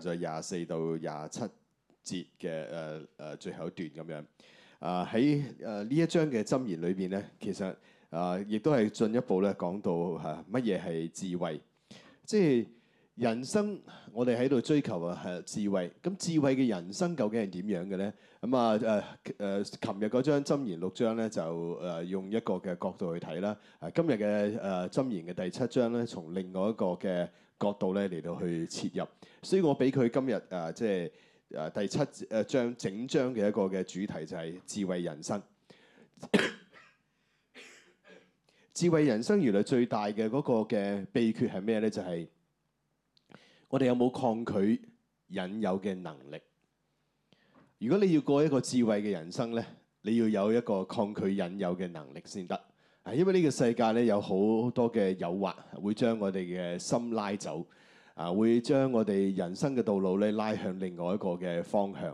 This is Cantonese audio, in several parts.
就廿四到廿七節嘅誒誒最後一段咁樣啊，喺誒呢一章嘅箴言裏邊咧，其實啊、呃、亦都係進一步咧講到嚇乜嘢係智慧，即係人生。我哋喺度追求啊智慧，咁智慧嘅人生究竟係點樣嘅咧？咁、嗯、啊誒誒，琴日嗰章箴言六章咧就誒、啊、用一個嘅角度去睇啦、啊。今日嘅誒箴言嘅第七章咧，從另外一個嘅。角度咧嚟到去切入，所以我俾佢今日誒，即係誒第七誒、啊、章整章嘅一個嘅主題就係智慧人生。 智慧人生原來最大嘅嗰個嘅秘訣係咩咧？就係、是、我哋有冇抗拒引誘嘅能力？如果你要過一個智慧嘅人生咧，你要有一個抗拒引誘嘅能力先得。啊，因為呢個世界咧有好多嘅誘惑，會將我哋嘅心拉走，啊，會將我哋人生嘅道路咧拉向另外一個嘅方向。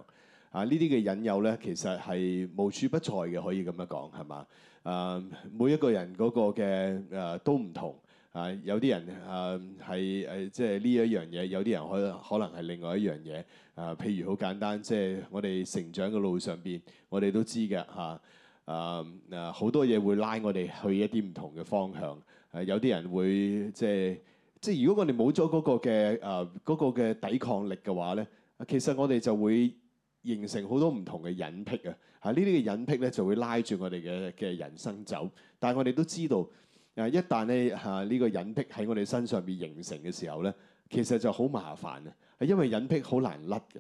啊，呢啲嘅引誘咧，其實係無處不在嘅，可以咁樣講係嘛？啊，每一個人嗰個嘅誒、啊、都唔同。啊，有啲人誒係誒即係呢一樣嘢，有啲人可可能係另外一樣嘢。啊，譬如好簡單，即係我哋成長嘅路上邊，我哋都知嘅嚇。啊誒誒，好、嗯、多嘢會拉我哋去一啲唔同嘅方向。誒、啊，有啲人會即係即係，如果我哋冇咗嗰個嘅誒嗰個嘅抵抗力嘅話咧、啊，其實我哋就會形成好多唔同嘅隱癖。啊！嚇，呢啲嘅隱癖咧就會拉住我哋嘅嘅人生走。但係我哋都知道，誒、啊、一旦咧嚇呢個隱癖喺我哋身上邊形成嘅時候咧，其實就好麻煩嘅，係因為隱癖好難甩嘅。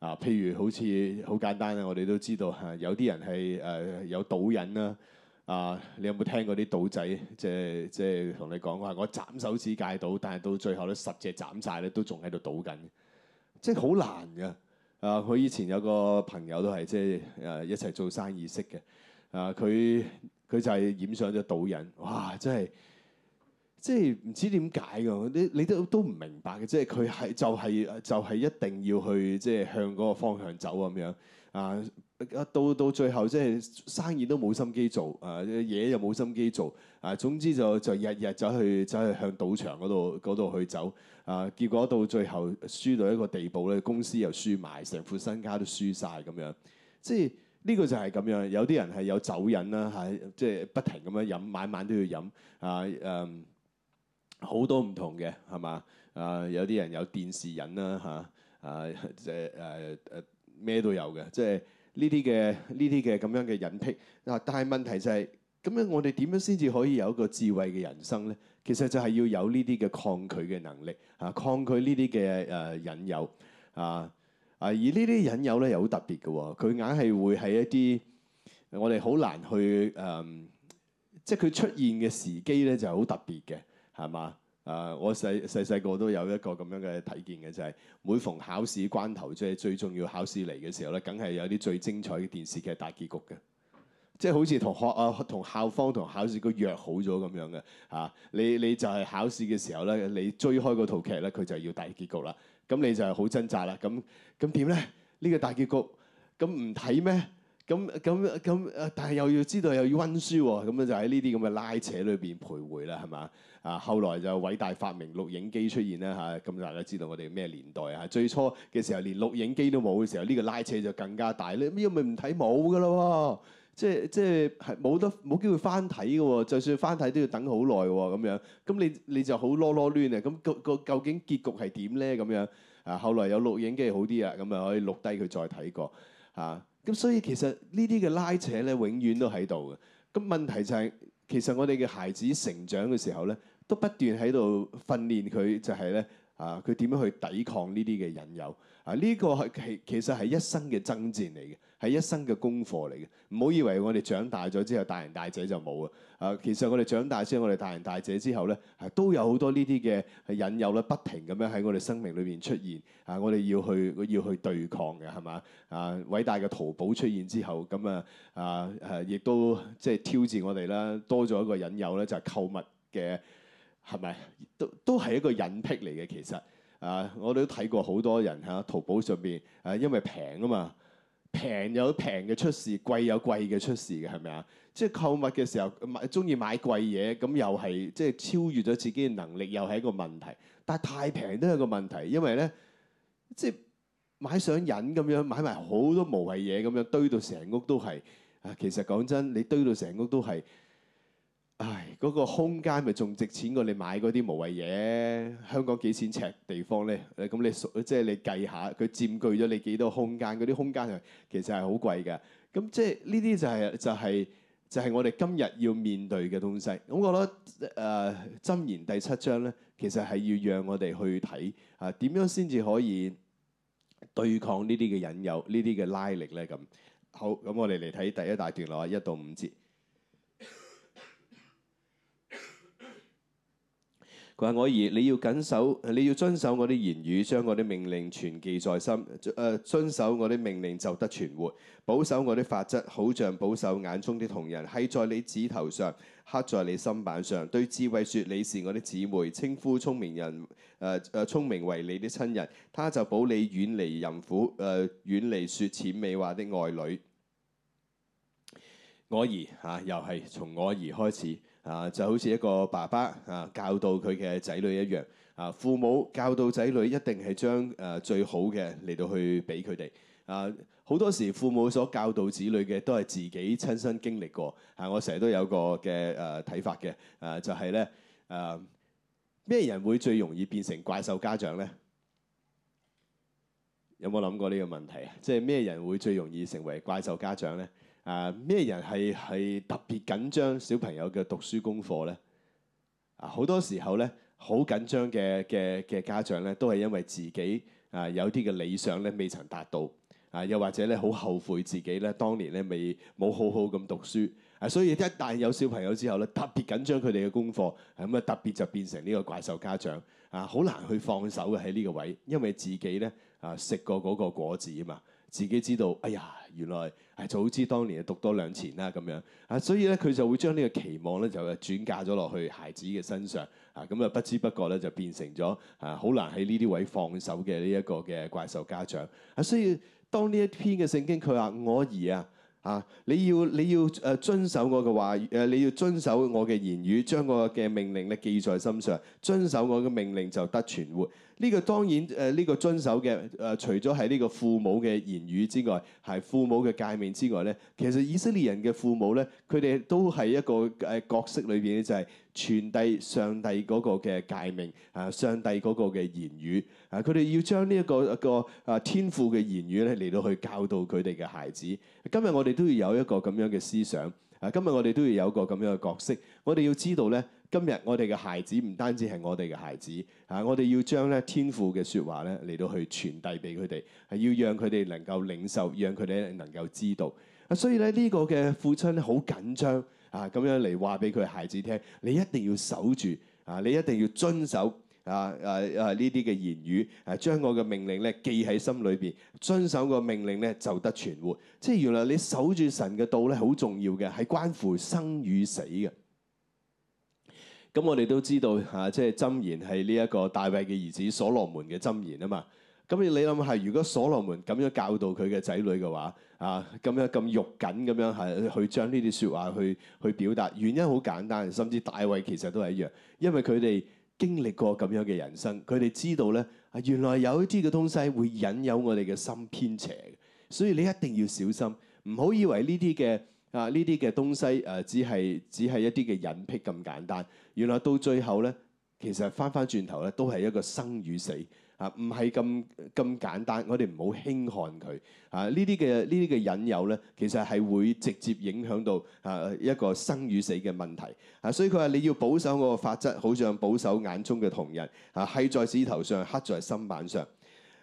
啊，譬如好似好簡單啦，我哋都知道嚇、啊，有啲人係誒、呃、有賭癮啦、啊。啊，你有冇聽過啲賭仔？即係即係同你講話，我斬手指戒賭，但係到最後咧十隻斬晒咧，都仲喺度賭緊，即係好難㗎。啊，我以前有個朋友都係即係誒、啊、一齊做生意識嘅。啊，佢佢就係染上咗賭癮，哇！真係～即係唔知點解㗎，你你都都唔明白嘅，即係佢係就係就係一定要去即係向嗰個方向走咁樣啊！到到最後即係生意都冇心機做啊，嘢又冇心機做啊，總之就就日日走去走去向賭場嗰度嗰度去走啊！結果到最後輸到一個地步咧，公司又輸埋，成副身家都輸晒。咁樣。即係呢個就係咁樣，有啲人係有酒癮啦嚇，即係不停咁樣飲，晚晚都要飲啊嗯。好多唔同嘅係嘛啊！Uh, 有啲人有電視癮啦嚇啊，即係誒誒咩都有嘅，即係呢啲嘅呢啲嘅咁樣嘅癮癖。嗱、啊。但係問題就係、是、咁樣，我哋點樣先至可以有一個智慧嘅人生咧？其實就係要有呢啲嘅抗拒嘅能力啊，抗拒呢啲嘅誒引誘啊啊。而呢啲引誘咧又好特別嘅，佢硬係會係一啲我哋好難去誒、啊，即係佢出現嘅時機咧就係、是、好特別嘅。係嘛？誒，uh, 我細細細個都有一個咁樣嘅體驗嘅，就係、是、每逢考試關頭，即係最重要考試嚟嘅時候咧，梗係有啲最精彩嘅電視劇大結局嘅，即、就、係、是、好似同學啊、同校方同考試局約好咗咁樣嘅嚇。你你就係考試嘅時候咧，你追開嗰套劇咧，佢就要大結局啦。咁你就係好掙扎啦。咁咁點咧？呢、這個大結局咁唔睇咩？咁咁咁，但係又要知道又要温書喎。咁樣就喺呢啲咁嘅拉扯裏邊徘徊啦，係嘛？啊，後來就偉大發明錄影機出現啦嚇，咁、啊、大家知道我哋咩年代啊？最初嘅時候連錄影機都冇嘅時候，呢、呢個拉扯就更加大，你你、啊、因咪唔睇冇噶咯？即係即係係冇得冇機會翻睇噶喎，就算翻睇都要等好耐喎咁樣。咁、啊、你你就好囉囉攣啊！咁個個究竟結局係點咧？咁樣啊，後來有錄影機好啲啊，咁咪可以錄低佢再睇過啊。咁所以其實呢啲嘅拉扯咧，永遠都喺度嘅。咁問題就係、是。其實我哋嘅孩子成長嘅時候咧，都不斷喺度訓練佢、就是，就係咧啊，佢點樣去抵抗呢啲嘅引誘啊？呢、這個係其實係一生嘅爭戰嚟嘅，係一生嘅功課嚟嘅。唔好以為我哋長大咗之後大人大仔就冇啊。啊，其實我哋長大之後，我哋大人大姐之後咧，啊都有好多呢啲嘅引誘啦，不停咁樣喺我哋生命裏邊出現啊！我哋要去要去對抗嘅係嘛？啊，偉大嘅淘寶出現之後，咁啊啊誒，亦、啊、都即係、就是、挑戰我哋啦，多咗一個引誘咧，就係購物嘅係咪？都都係一個癮癖嚟嘅其實啊，我哋都睇過好多人喺、啊、淘寶上邊啊，因為平啊嘛，平有平嘅出事，貴有貴嘅出事嘅係咪啊？即係購物嘅時候買中意買貴嘢，咁又係即係超越咗自己嘅能力，又係一個問題。但係太平都係個問題，因為咧即係買上癮咁樣買埋好多無謂嘢咁樣堆到成屋都係啊。其實講真，你堆到成屋都係唉嗰個空間咪仲值錢過你買嗰啲無謂嘢？香港幾千尺幾錢尺地方咧，咁你即係你計下佢佔據咗你幾多空間，嗰啲空間其實係好貴嘅。咁即係呢啲就係、係、就係、係。就係就係我哋今日要面對嘅東西，咁我覺得誒箴言第七章咧，其實係要讓我哋去睇啊點樣先至可以對抗呢啲嘅引誘、呢啲嘅拉力咧咁。好，咁我哋嚟睇第一大段落一到五節。佢話：我兒，你要緊守，你要遵守我啲言語，將我啲命令存記在心。誒，遵守我啲命令就得存活，保守我啲法則，好像保守眼中的瞳人，繫在你指頭上，刻在你心版上。對智慧説：你是我的姊妹，稱呼聰明人，誒、呃、誒聰明為你的親人，他就保你遠離淫婦，誒、呃、遠離説諂媚話的外女。我兒嚇、啊，又係從我兒開始。啊，就好似一個爸爸啊，教導佢嘅仔女一樣。啊，父母教導仔女一定係將誒最好嘅嚟到去俾佢哋。啊，好多時父母所教導子女嘅都係自己親身經歷過。啊，我成日都有個嘅誒睇法嘅。啊，就係咧，誒咩人會最容易變成怪獸家長咧？有冇諗過呢個問題啊？即係咩人會最容易成為怪獸家長咧？啊！咩人係係特別緊張小朋友嘅讀書功課呢？啊，好多時候呢，好緊張嘅嘅嘅家長呢，都係因為自己啊有啲嘅理想呢未曾達到啊，又或者呢好後悔自己呢當年呢未冇好好咁讀書啊，所以一旦有小朋友之後呢，特別緊張佢哋嘅功課，咁啊特別就變成呢個怪獸家長啊，好難去放手嘅喺呢個位，因為自己呢，啊食過嗰個果子嘛，自己知道哎呀～原來係早知當年讀多兩錢啦咁樣，啊所以咧佢就會將呢個期望咧就轉嫁咗落去孩子嘅身上，啊咁啊不知不覺咧就變成咗啊好難喺呢啲位放手嘅呢一個嘅怪獸家長。啊，所以當呢一篇嘅聖經佢話：我兒啊，啊你要你要誒遵守我嘅話，誒你要遵守我嘅、呃、言語，將我嘅命令咧記在心上，遵守我嘅命令就得存活。呢個當然誒，呢、呃這個遵守嘅誒、呃，除咗係呢個父母嘅言語之外，係父母嘅誡命之外咧，其實以色列人嘅父母咧，佢哋都係一個誒、啊、角色裏邊咧，就係傳遞上帝嗰個嘅誡命啊，上帝嗰個嘅言語啊，佢哋要將呢一個個啊天父嘅言語咧嚟到去教導佢哋嘅孩子。今日我哋都要有一個咁樣嘅思想啊，今日我哋都要有一個咁樣嘅角色，我哋要知道咧。今日我哋嘅孩子唔單止係我哋嘅孩子，啊，我哋要將咧天父嘅説話咧嚟到去傳遞俾佢哋，係、啊、要讓佢哋能夠領受，讓佢哋能夠知道。啊，所以咧呢、這個嘅父親好緊張，啊，咁樣嚟話俾佢孩子聽，你一定要守住，啊，你一定要遵守，啊，誒誒呢啲嘅言語，誒、啊、將我嘅命令咧記喺心裏邊，遵守個命令咧就得存活。即係原來你守住神嘅道咧好重要嘅，係關乎生與死嘅。咁我哋都知道嚇，即係箴言係呢一個大衛嘅兒子所羅門嘅箴言啊嘛。咁你你諗下，如果所羅門咁樣教導佢嘅仔女嘅話，啊咁、啊、樣咁肉緊咁樣係、啊、去將呢啲説話去去表達，原因好簡單，甚至大衛其實都係一樣，因為佢哋經歷過咁樣嘅人生，佢哋知道咧、啊，原來有一啲嘅東西會引誘我哋嘅心偏邪，所以你一定要小心，唔好以為呢啲嘅啊呢啲嘅東西誒，只係只係一啲嘅隱僻咁簡單。原來到最後咧，其實返返轉頭咧，都係一個生與死啊，唔係咁咁簡單。我哋唔好輕看佢啊！呢啲嘅呢啲嘅引誘咧，其實係會直接影響到啊一個生與死嘅問題啊。所以佢話：你要保守嗰個法則，好像保守眼中嘅瞳人啊，喺在指頭上刻在心板上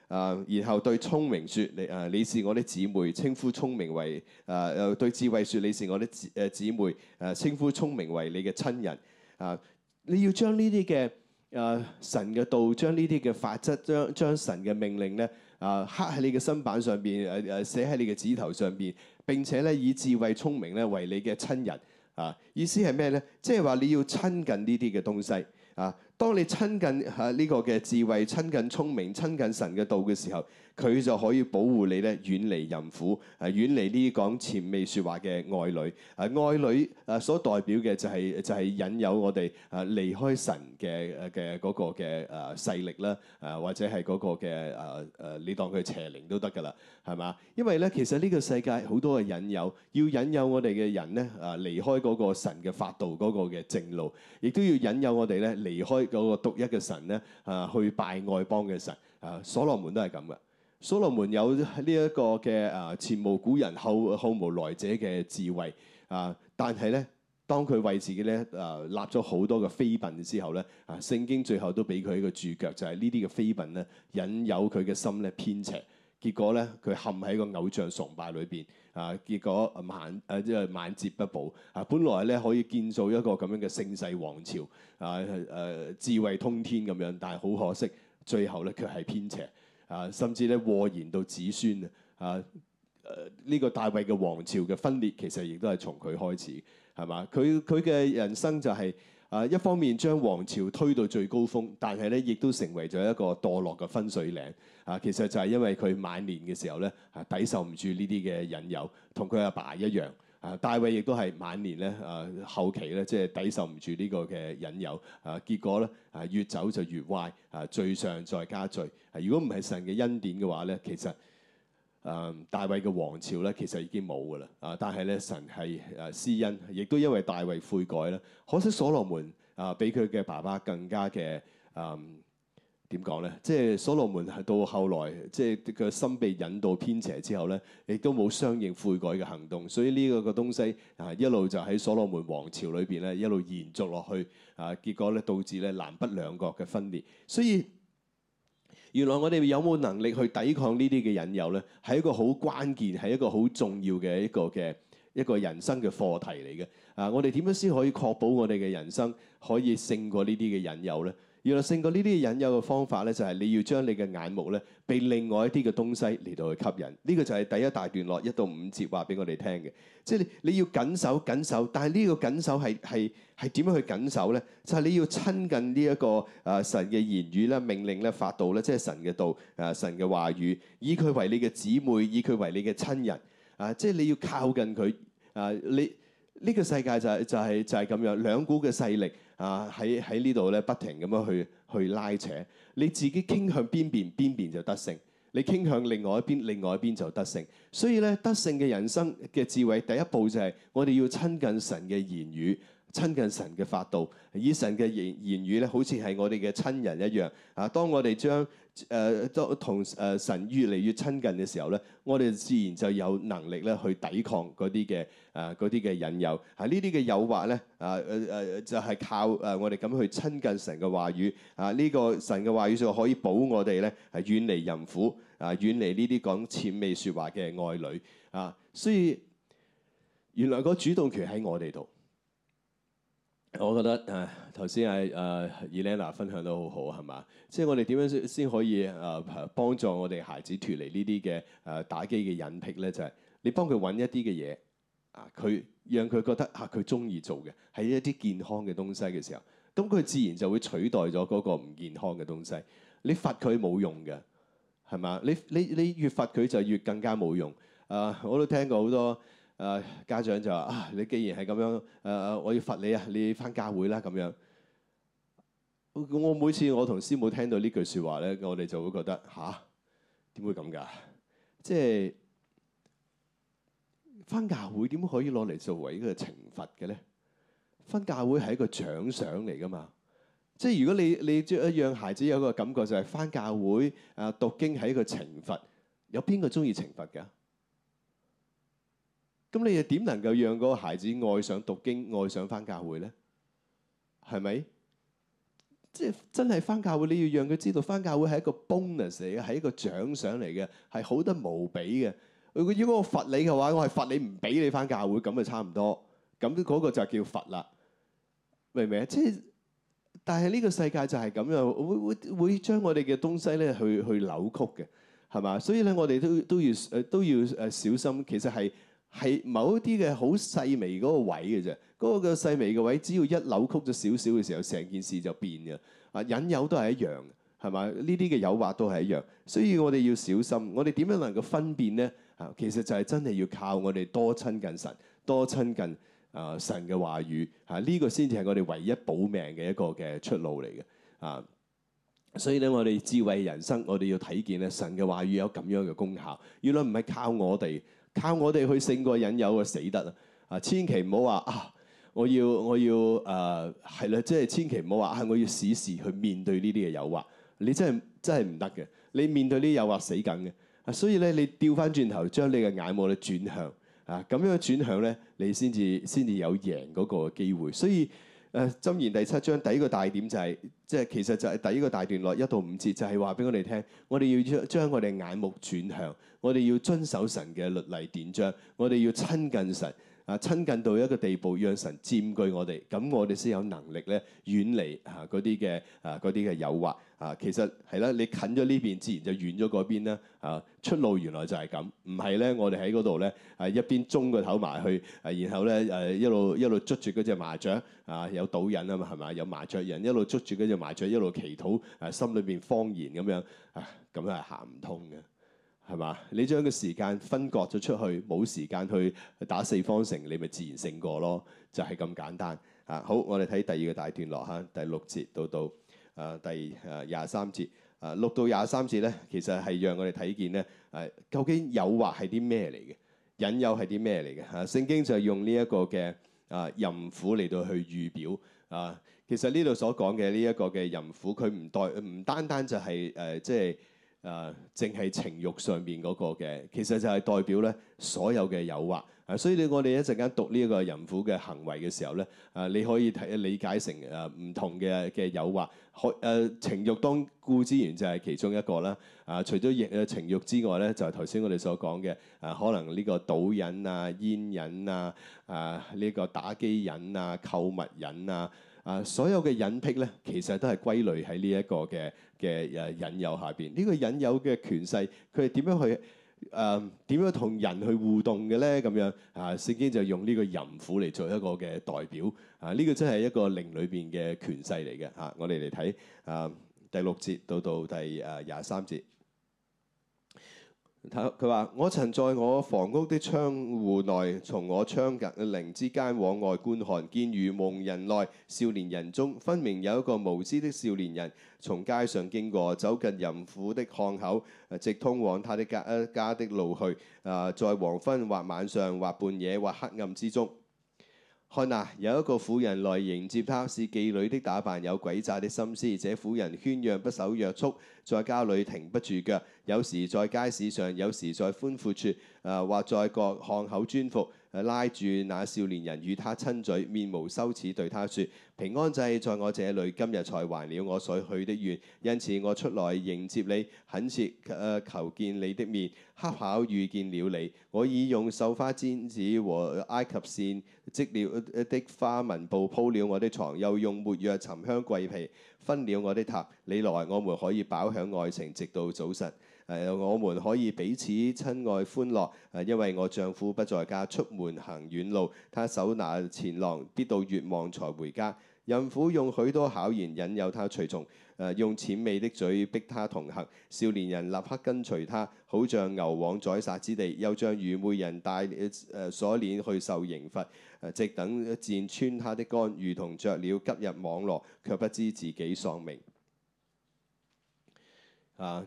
啊。然後對聰明説：你啊，你是我的姊妹，稱呼聰明為啊；對智慧説：你是我的姊誒姊妹，誒、啊、稱呼聰明為你嘅親人。啊！你要將呢啲嘅誒神嘅道，將呢啲嘅法則，將將神嘅命令咧，啊刻喺、啊啊、你嘅心版上邊，誒誒寫喺你嘅指頭上邊。並且咧以智慧聰明咧為你嘅親人。啊！意思係咩咧？即係話你要親近呢啲嘅東西。啊！當你親近吓呢、啊呢個嘅智慧、親近聰明、親近神嘅道嘅時候，佢就可以保護你咧，遠離淫婦，係、啊、遠離呢講諂媚説話嘅愛女。係、啊、愛女誒、啊、所代表嘅就係、是、就係、是、引誘我哋誒離開神嘅嘅嗰個嘅誒勢力啦，誒、啊、或者係嗰個嘅誒誒，你當佢邪靈都得噶啦，係嘛？因為咧，其實呢個世界好多嘅引誘，要引誘我哋嘅人咧誒、啊、離開嗰個神嘅法度嗰、嗰個嘅正路，亦都要引誘我哋咧離開。個獨一嘅神咧，啊，去拜外邦嘅神，啊，所羅門都係咁嘅。所羅門有呢一個嘅啊，前無古人後後無來者嘅智慧，啊，但係咧，當佢為自己咧啊立咗好多嘅妃嬪之後咧，啊，聖經最後都俾佢一個註腳，就係呢啲嘅妃嬪咧，引誘佢嘅心咧偏斜，結果咧，佢陷喺個偶像崇拜裏邊。啊！結果晚誒即係晚節、呃、不保啊！本來咧，可以建造一個咁樣嘅盛世王朝啊誒、呃呃，智慧通天咁樣，但係好可惜，最後咧佢係偏邪啊！甚至咧禍延到子孫啊！誒、呃、呢、這個大衞嘅王朝嘅分裂其實亦都係從佢開始，係嘛？佢佢嘅人生就係、是。啊，一方面將王朝推到最高峰，但係咧亦都成為咗一個墮落嘅分水嶺。啊，其實就係因為佢晚年嘅時候咧，啊，抵受唔住呢啲嘅引誘，同佢阿爸一樣。啊，大衛亦都係晚年咧，啊後期咧，即係抵受唔住呢個嘅引誘。啊，結果咧，啊越走就越壞。啊，罪上再加罪。啊，如果唔係神嘅恩典嘅話咧，其實。誒、啊、大衛嘅王朝咧，其實已經冇嘅啦。啊，但係咧，神係誒施恩，亦都因為大衛悔改咧。可惜所羅門啊，比佢嘅爸爸更加嘅誒點講咧？即係所羅門係到後來，即係個心被引導偏斜之後咧，亦都冇相應悔改嘅行動。所以呢個個東西啊，一路就喺所羅門王朝裏邊咧，一路延續落去啊。結果咧，導致咧南北兩國嘅分裂。所以原來我哋有冇能力去抵抗呢啲嘅引誘呢？係一個好關鍵，係一個好重要嘅一個嘅一個人生嘅課題嚟嘅。啊，我哋點樣先可以確保我哋嘅人生可以勝過呢啲嘅引誘呢？原來勝過呢啲引誘嘅方法咧，就係你要將你嘅眼目咧，被另外一啲嘅東西嚟到去吸引。呢、這個就係第一大段落一到五節話俾我哋聽嘅，即係你你要緊守緊守，但係呢個緊守係係係點樣去緊守咧？就係、是、你要親近呢、這、一個啊、呃、神嘅言語咧、命令咧、法度咧，即係神嘅道啊、呃、神嘅話語，以佢為你嘅姊妹，以佢為你嘅親人啊、呃，即係你要靠近佢啊、呃、你。呢個世界就係就係就係咁樣，兩股嘅勢力啊喺喺呢度咧不停咁樣去去拉扯，你自己傾向邊邊邊邊就得勝，你傾向另外一邊另外一邊就得勝。所以咧得勝嘅人生嘅智慧第一步就係我哋要親近神嘅言語，親近神嘅法道，以神嘅言言語咧好似係我哋嘅親人一樣啊！當我哋將誒，當同誒神越嚟越親近嘅時候咧，我哋自然就有能力咧去抵抗嗰啲嘅誒啲嘅引誘，喺呢啲嘅誘惑咧啊誒誒、呃，就係、是、靠誒我哋咁去親近神嘅話語啊。呢、呢個神嘅話語就可以保我哋咧，係遠離淫婦啊，遠離呢啲講諂媚説話嘅外女啊。所以原來個主動權喺我哋度。我覺得誒頭、啊、先係誒 Elena 分享得好好係嘛，即係我哋點樣先先可以誒、啊、幫助我哋孩子脱離呢啲嘅誒打機嘅隱癖咧？就係、是、你幫佢揾一啲嘅嘢啊，佢讓佢覺得啊佢中意做嘅係一啲健康嘅東西嘅時候，咁佢自然就會取代咗嗰個唔健康嘅東西。你罰佢冇用嘅係嘛？你你你越罰佢就越更加冇用啊！我都聽過好多。誒、uh, 家長就話：啊，你既然係咁樣，誒、啊、我要罰你啊，你返教會啦，咁樣我。我每次我同師母聽到呢句説話咧，我哋就會覺得吓，點、啊、會咁㗎？即係返教會點可以攞嚟作為一個懲罰嘅咧？返教會係一個獎賞嚟㗎嘛。即係如果你你將讓孩子有一個感覺，就係返教會誒讀經係一個懲罰，有邊個鍾意懲罰㗎？咁你又點能夠讓嗰個孩子愛上讀經、愛上翻教會咧？係咪？即係真係翻教會，你要讓佢知道翻教會係一個 bonus 嚟嘅，係一個獎賞嚟嘅，係好得無比嘅。如果我罰你嘅話，我係罰你唔俾你翻教會，咁就差唔多。咁嗰個就叫罰啦，明唔明？即係，但係呢個世界就係咁樣，會會會將我哋嘅東西咧去去扭曲嘅，係嘛？所以咧，我哋都都要都要誒小心。其實係。係某啲嘅好細微嗰個位嘅啫，嗰、嗰個嘅細微嘅位，只要一扭曲咗少少嘅時候，成件事就變嘅。啊，引誘都係一樣，係咪？呢啲嘅誘惑都係一樣，所以我哋要小心。我哋點樣能夠分辨呢？啊，其實就係真係要靠我哋多親近神，多親近啊、呃、神嘅話語。啊，呢、呢個先至係我哋唯一保命嘅一個嘅出路嚟嘅。啊，所以咧，我哋智慧人生，我哋要睇見咧神嘅話語有咁樣嘅功效。原來唔係靠我哋。靠我哋去勝過引誘啊，死得啦！啊，千祈唔好話啊，我要我要誒係啦，即係千祈唔好話啊，我要試試、啊、去面對呢啲嘅誘惑，你真係真係唔得嘅，你面對呢啲誘惑死緊嘅啊，所以咧，你調翻轉頭，將你嘅眼目咧轉向啊，咁樣轉向咧，你先至先至有贏嗰個機會，所以。誒，箴言第七章第一個大點就係、是，即係其實就係第一個大段落一到五節，就係話俾我哋聽，我哋要將將我哋眼目轉向，我哋要遵守神嘅律例典章，我哋要親近神。啊，親近到一個地步，讓神佔據我哋，咁我哋先有能力咧遠離啊嗰啲嘅啊啲嘅誘惑啊。其實係啦，你近咗呢邊，自然就遠咗嗰邊啦。啊，出路原來就係咁，唔係咧，我哋喺嗰度咧，係一邊中個頭埋去，啊，然後咧誒一路一路捉住嗰隻麻雀啊，有賭癮啊嘛，係咪？有麻雀癮一路捉住嗰隻麻雀，一路祈禱，啊，心裏邊謊言咁樣啊，咁樣係行唔通嘅。係嘛？你將個時間分割咗出去，冇時間去打四方城，你咪自然勝過咯。就係、是、咁簡單。啊，好，我哋睇第二個大段落嚇，第六節到到誒、啊、第誒廿三節。誒、啊、六到廿三節咧，其實係讓我哋睇見咧誒，究竟誘惑係啲咩嚟嘅，引誘係啲咩嚟嘅嚇。聖經就係用呢一個嘅啊淫婦嚟到去預表啊。其實呢度所講嘅呢一個嘅淫婦，佢唔代唔單單就係、是、誒、啊、即係。誒，淨係、呃、情慾上面嗰個嘅，其實就係代表咧所有嘅誘惑。啊、所以你我哋一陣間讀呢個淫婦嘅行為嘅時候咧，誒、啊，你可以睇理解成誒唔、呃、同嘅嘅誘惑，誒、呃、情慾當固之然就係其中一個啦。誒、啊，除咗誒情慾之外咧，就係頭先我哋所講嘅誒，可能呢個賭癮啊、煙癮啊、誒、啊、呢、這個打機癮啊、購物癮啊。啊！所有嘅隱癖咧，其實都係歸類喺呢一個嘅嘅誒引誘下邊。呢個引誘嘅權勢，佢係點樣去誒點、呃、樣同人去互動嘅咧？咁樣啊，聖經就用呢個淫婦嚟做一個嘅代表。啊，呢、這個真係一個靈裏邊嘅權勢嚟嘅。嚇、啊，我哋嚟睇啊第六節到到第誒廿三節。佢話：我曾在我房屋的窗戶內，從我窗隔嘅櫺之間往外觀看，見愚蒙人內少年人中，分明有一個無知的少年人從街上經過，走近淫婦的巷口，直通往他的家家的路去。啊、呃，在黃昏或晚上或半夜或黑暗之中。看哪，有一個婦人來迎接她，是妓女的打扮，有詭詐的心思。這婦人喧嚷不守約束，在家裏停不住腳，有時在街市上，有時在寬闊處，呃、或在各巷口蹲伏。拉住那少年人與他親嘴，面無羞恥對他説：平安祭在我這裏，今日才還了我所許的願，因此我出來迎接你，懇切、呃、求見你的面。恰巧遇見了你，我已用繡花毯子和埃及線織了的花紋布鋪了我的床，又用沒藥、沉香、桂皮分了我的榻。你來，我們可以飽享愛情，直到早晨。啊、我們可以彼此親愛歡樂、啊。因為我丈夫不在家，出門行遠路，他手拿錢囊，必到月望才回家。淫婦用許多巧言引誘他隨從、啊，用諂媚的嘴逼他同行。少年人立刻跟隨他，好像牛往宰殺之地，又像愚昧人帶誒鎖鏈去受刑罰、啊。直等一箭穿他的肝，如同雀鳥急入網羅，卻不知自己喪命。啊。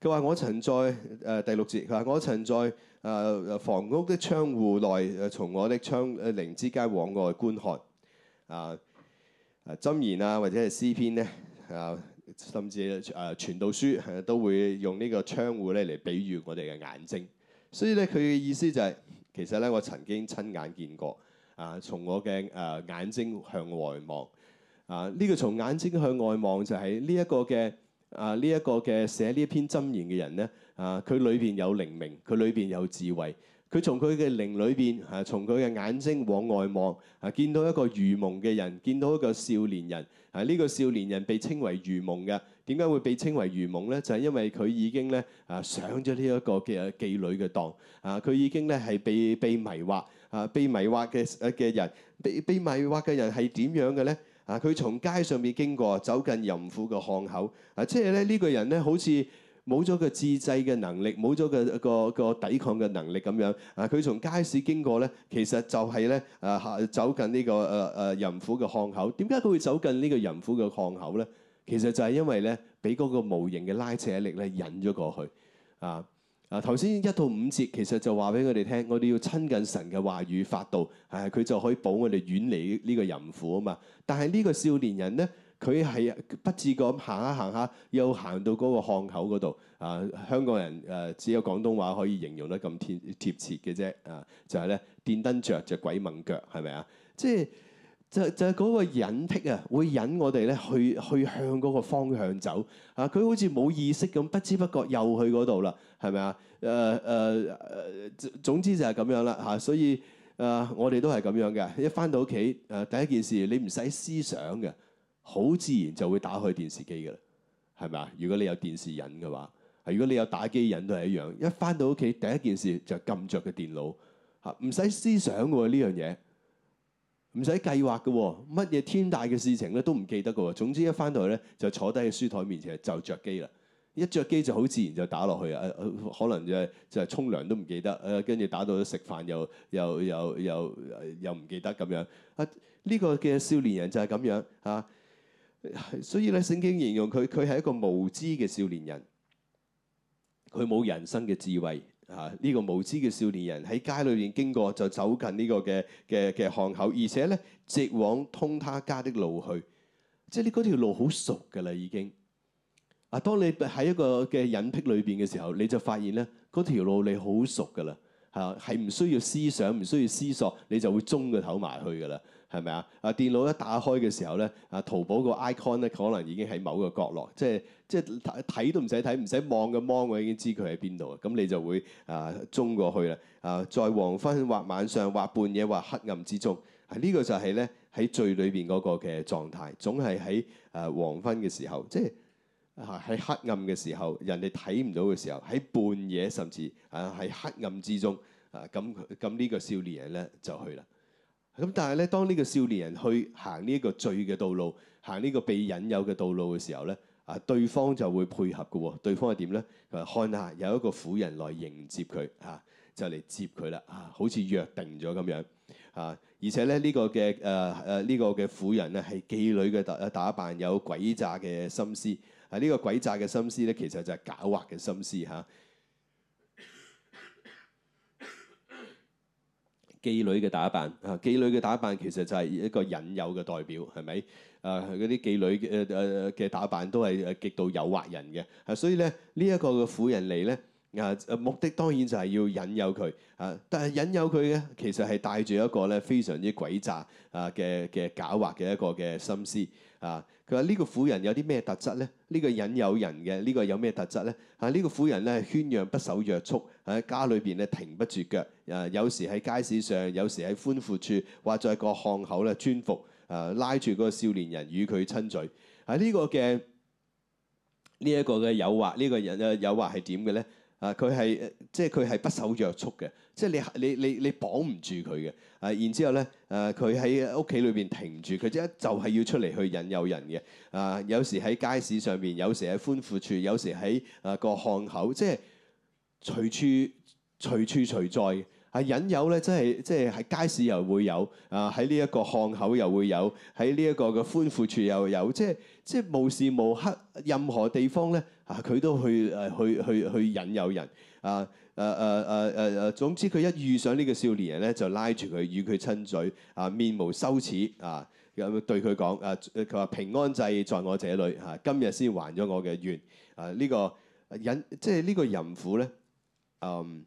佢話：我曾在誒、呃、第六節，佢話我曾在誒、呃、房屋的窗戶內，從、呃、我的窗櫺之間往外觀看。啊、呃，誒箴言啊，或者係詩篇咧，啊、呃，甚至誒傳、呃、道書都會用呢個窗戶咧嚟比喻我哋嘅眼睛。所以咧，佢嘅意思就係、是、其實咧，我曾經親眼見過啊，從、呃、我嘅誒、呃、眼睛向外望。啊、呃，呢、這個從眼睛向外望就係呢一個嘅。啊！這個、呢一個嘅寫呢一篇箴言嘅人咧，啊，佢裏邊有靈明，佢裏邊有智慧。佢從佢嘅靈裏邊，啊，從佢嘅眼睛往外望，啊，見到一個愚蒙嘅人，啊，見到一個少年人。啊，呢、這個少年人被稱為愚蒙嘅，點解會被稱為愚蒙咧？就係、是、因為佢已經咧，啊，上咗呢一個嘅妓女嘅當。啊，佢已經咧係被被迷惑，啊，被迷惑嘅嘅、啊、人，被被迷惑嘅人係點樣嘅咧？啊！佢從街上面經過，走近淫婦嘅巷口。啊，即係咧呢個人咧，好似冇咗個自制嘅能力，冇咗個個個抵抗嘅能力咁樣。啊！佢從街市經過咧，其實就係咧啊，走近呢個誒誒淫婦嘅巷口。點解佢會走近呢個淫婦嘅巷口咧？其實就係因為咧，俾嗰個無形嘅拉扯力咧，引咗過去啊。啊！頭先一到五節其實就話俾我哋聽，我哋要親近神嘅話語法度，係、啊、佢就可以保我哋遠離呢個淫婦啊嘛。但係呢個少年人咧，佢係不自覺咁行下行下，又行到嗰個巷口嗰度啊。香港人誒、啊、只有廣東話可以形容得咁貼貼切嘅啫啊，就係、是、咧電燈着着鬼掹腳，係咪啊？即係就是、就係嗰個隱癖啊，會引我哋咧去去向嗰個方向走啊。佢好似冇意識咁，不知不覺又去嗰度啦。係咪啊？誒誒誒，總之就係咁樣啦嚇。所以誒、呃，我哋都係咁樣嘅。一翻到屋企，誒第一件事你唔使思想嘅，好自然就會打開電視機㗎喇。係咪啊？如果你有電視癮嘅話，如果你有打機癮都係一樣。一翻到屋企第一件事就撳着嘅電腦嚇，唔、啊、使思想喎呢樣嘢，唔使計劃㗎喎，乜嘢天大嘅事情咧都唔記得㗎喎。總之一翻到去咧就坐低喺書枱面前就着機啦。一着機就好自然就打落去啊！可能就就沖涼都唔記得，誒、啊，跟住打到食飯又又又又又唔記得咁樣啊！呢、這個嘅少年人就係咁樣吓、啊，所以咧聖經形容佢佢係一個無知嘅少年人，佢冇人生嘅智慧吓。呢、啊這個無知嘅少年人喺街裏邊經過就走近呢個嘅嘅嘅巷口，而且咧直往通他家的路去，即係你嗰條路好熟㗎啦，已經。啊！當你喺一個嘅隱僻裏邊嘅時候，你就發現咧，嗰條路你好熟噶啦，係啊，係唔需要思想，唔需要思索，你就會中個頭埋去噶啦，係咪啊？啊電腦一打開嘅時候咧，啊淘寶個 icon 咧可能已經喺某個角落，即係即係睇都唔使睇，唔使望嘅芒我已經知佢喺邊度啊。咁你就會啊，中過去啦啊，在黃昏或晚上或半夜或黑暗之中，係、啊、呢、呢個就係咧喺最裏邊嗰個嘅狀態，總係喺誒黃昏嘅時候，即係。喺黑暗嘅時候，人哋睇唔到嘅時候，喺半夜甚至啊喺黑暗之中啊，咁咁呢個少年人咧就去啦。咁但係咧，當呢個少年人去行呢個罪嘅道路，行呢個被引誘嘅道路嘅時候咧啊，對方就會配合嘅喎、哦。對方係點咧？啊，佢話看下有一個婦人來迎接佢啊，就嚟接佢啦啊，好似約定咗咁樣啊。而且咧呢個嘅誒誒呢個嘅婦人咧係妓女嘅打打扮，有鬼詐嘅心思。係呢個詭詐嘅心思咧，其實就係狡猾嘅心思嚇，啊。妓女嘅打扮，啊，妓女嘅打扮其實就係一個引誘嘅代表，係咪？啊，嗰啲妓女嘅嘅嘅打扮都係極度誘惑人嘅。啊，所以咧呢一、這個嘅婦人嚟咧，啊，目的當然就係要引誘佢。啊，但係引誘佢嘅其實係帶住一個咧非常之詭詐啊嘅嘅狡猾嘅一個嘅心思。啊！佢話呢個婦人有啲咩特質咧？呢、這個引誘人嘅呢、這個有咩特質咧？啊！呢、這個婦人咧，喧嚷不守約束，喺、啊、家裏邊咧停不住腳，啊！有時喺街市上，有時喺寬闊處，或者喺個巷口咧蹲伏，啊！拉住個少年人與佢親嘴。喺、啊、呢、這個嘅呢一個嘅誘惑，呢、這個人嘅誘惑係點嘅咧？啊！佢係即係佢係不守約束嘅，即係你你你你綁唔住佢嘅。啊，然之後咧，誒佢喺屋企裏邊停唔住，佢即係就係要出嚟去引誘人嘅。啊、呃，有時喺街市上邊，有時喺寬闊處，有時喺誒個巷口，即係隨處隨處隨在。啊，引誘咧，真係即係喺街市又會有啊，喺呢一個巷口又會有，喺呢一個嘅寬闊處又有，即係即係無時無刻任何地方咧，啊佢都去誒去去去引誘人，啊誒誒誒誒誒總之佢一遇上呢個少年人咧，就拉住佢與佢親嘴，啊面無羞恥啊，咁對佢講，啊佢話平安祭在我這裡啊，今日先還咗我嘅願。啊呢個引即係呢個淫婦咧嗯。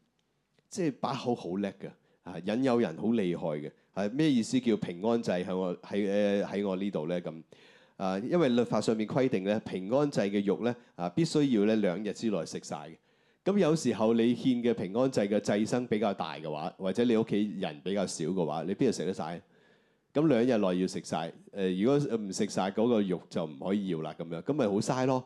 即係把口好叻㗎，啊引誘人好厲害嘅，係咩意思叫平安祭？喺、呃、我喺誒喺我呢度咧咁？啊，因為律法上面規定咧，平安祭嘅肉咧啊必須要咧兩日之內食晒嘅。咁有時候你獻嘅平安祭嘅祭牲比較大嘅話，或者你屋企人比較少嘅話，你邊度食得晒？咁兩日內要食晒，誒、呃，如果唔食晒嗰個肉就唔可以要啦，咁樣咁咪好嘥咯，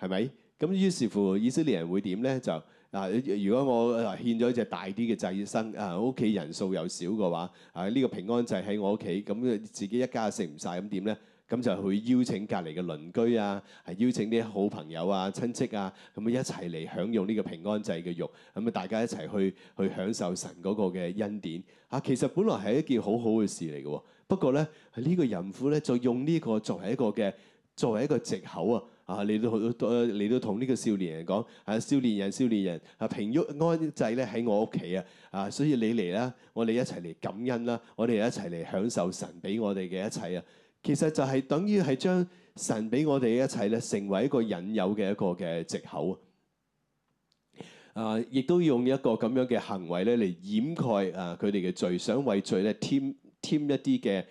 係咪？咁於是乎以色列人會點咧就？嗱，如果我獻咗隻大啲嘅祭牲，啊屋企人數又少嘅話，啊呢、這個平安祭喺我屋企，咁自己一家食唔晒，咁點呢？咁就去邀請隔離嘅鄰居啊，係、啊、邀請啲好朋友啊、親戚啊，咁一齊嚟享用呢個平安祭嘅肉，咁啊大家一齊去去享受神嗰個嘅恩典。嚇、啊，其實本來係一件好好嘅事嚟嘅，不過呢，呢、這個淫婦呢，就用呢個作為一個嘅作為一個藉口啊。啊！你都好多，你都同呢個少年人講，啊少年人，少年人，啊平安祭咧喺我屋企啊！啊，所以你嚟啦，我哋一齊嚟感恩啦，我哋一齊嚟享受神俾我哋嘅一切啊！其實就係等於係將神俾我哋嘅一切咧，成為一個引誘嘅一個嘅藉口啊！啊，亦都用一個咁樣嘅行為咧嚟掩蓋啊佢哋嘅罪，想為罪咧添添一啲嘅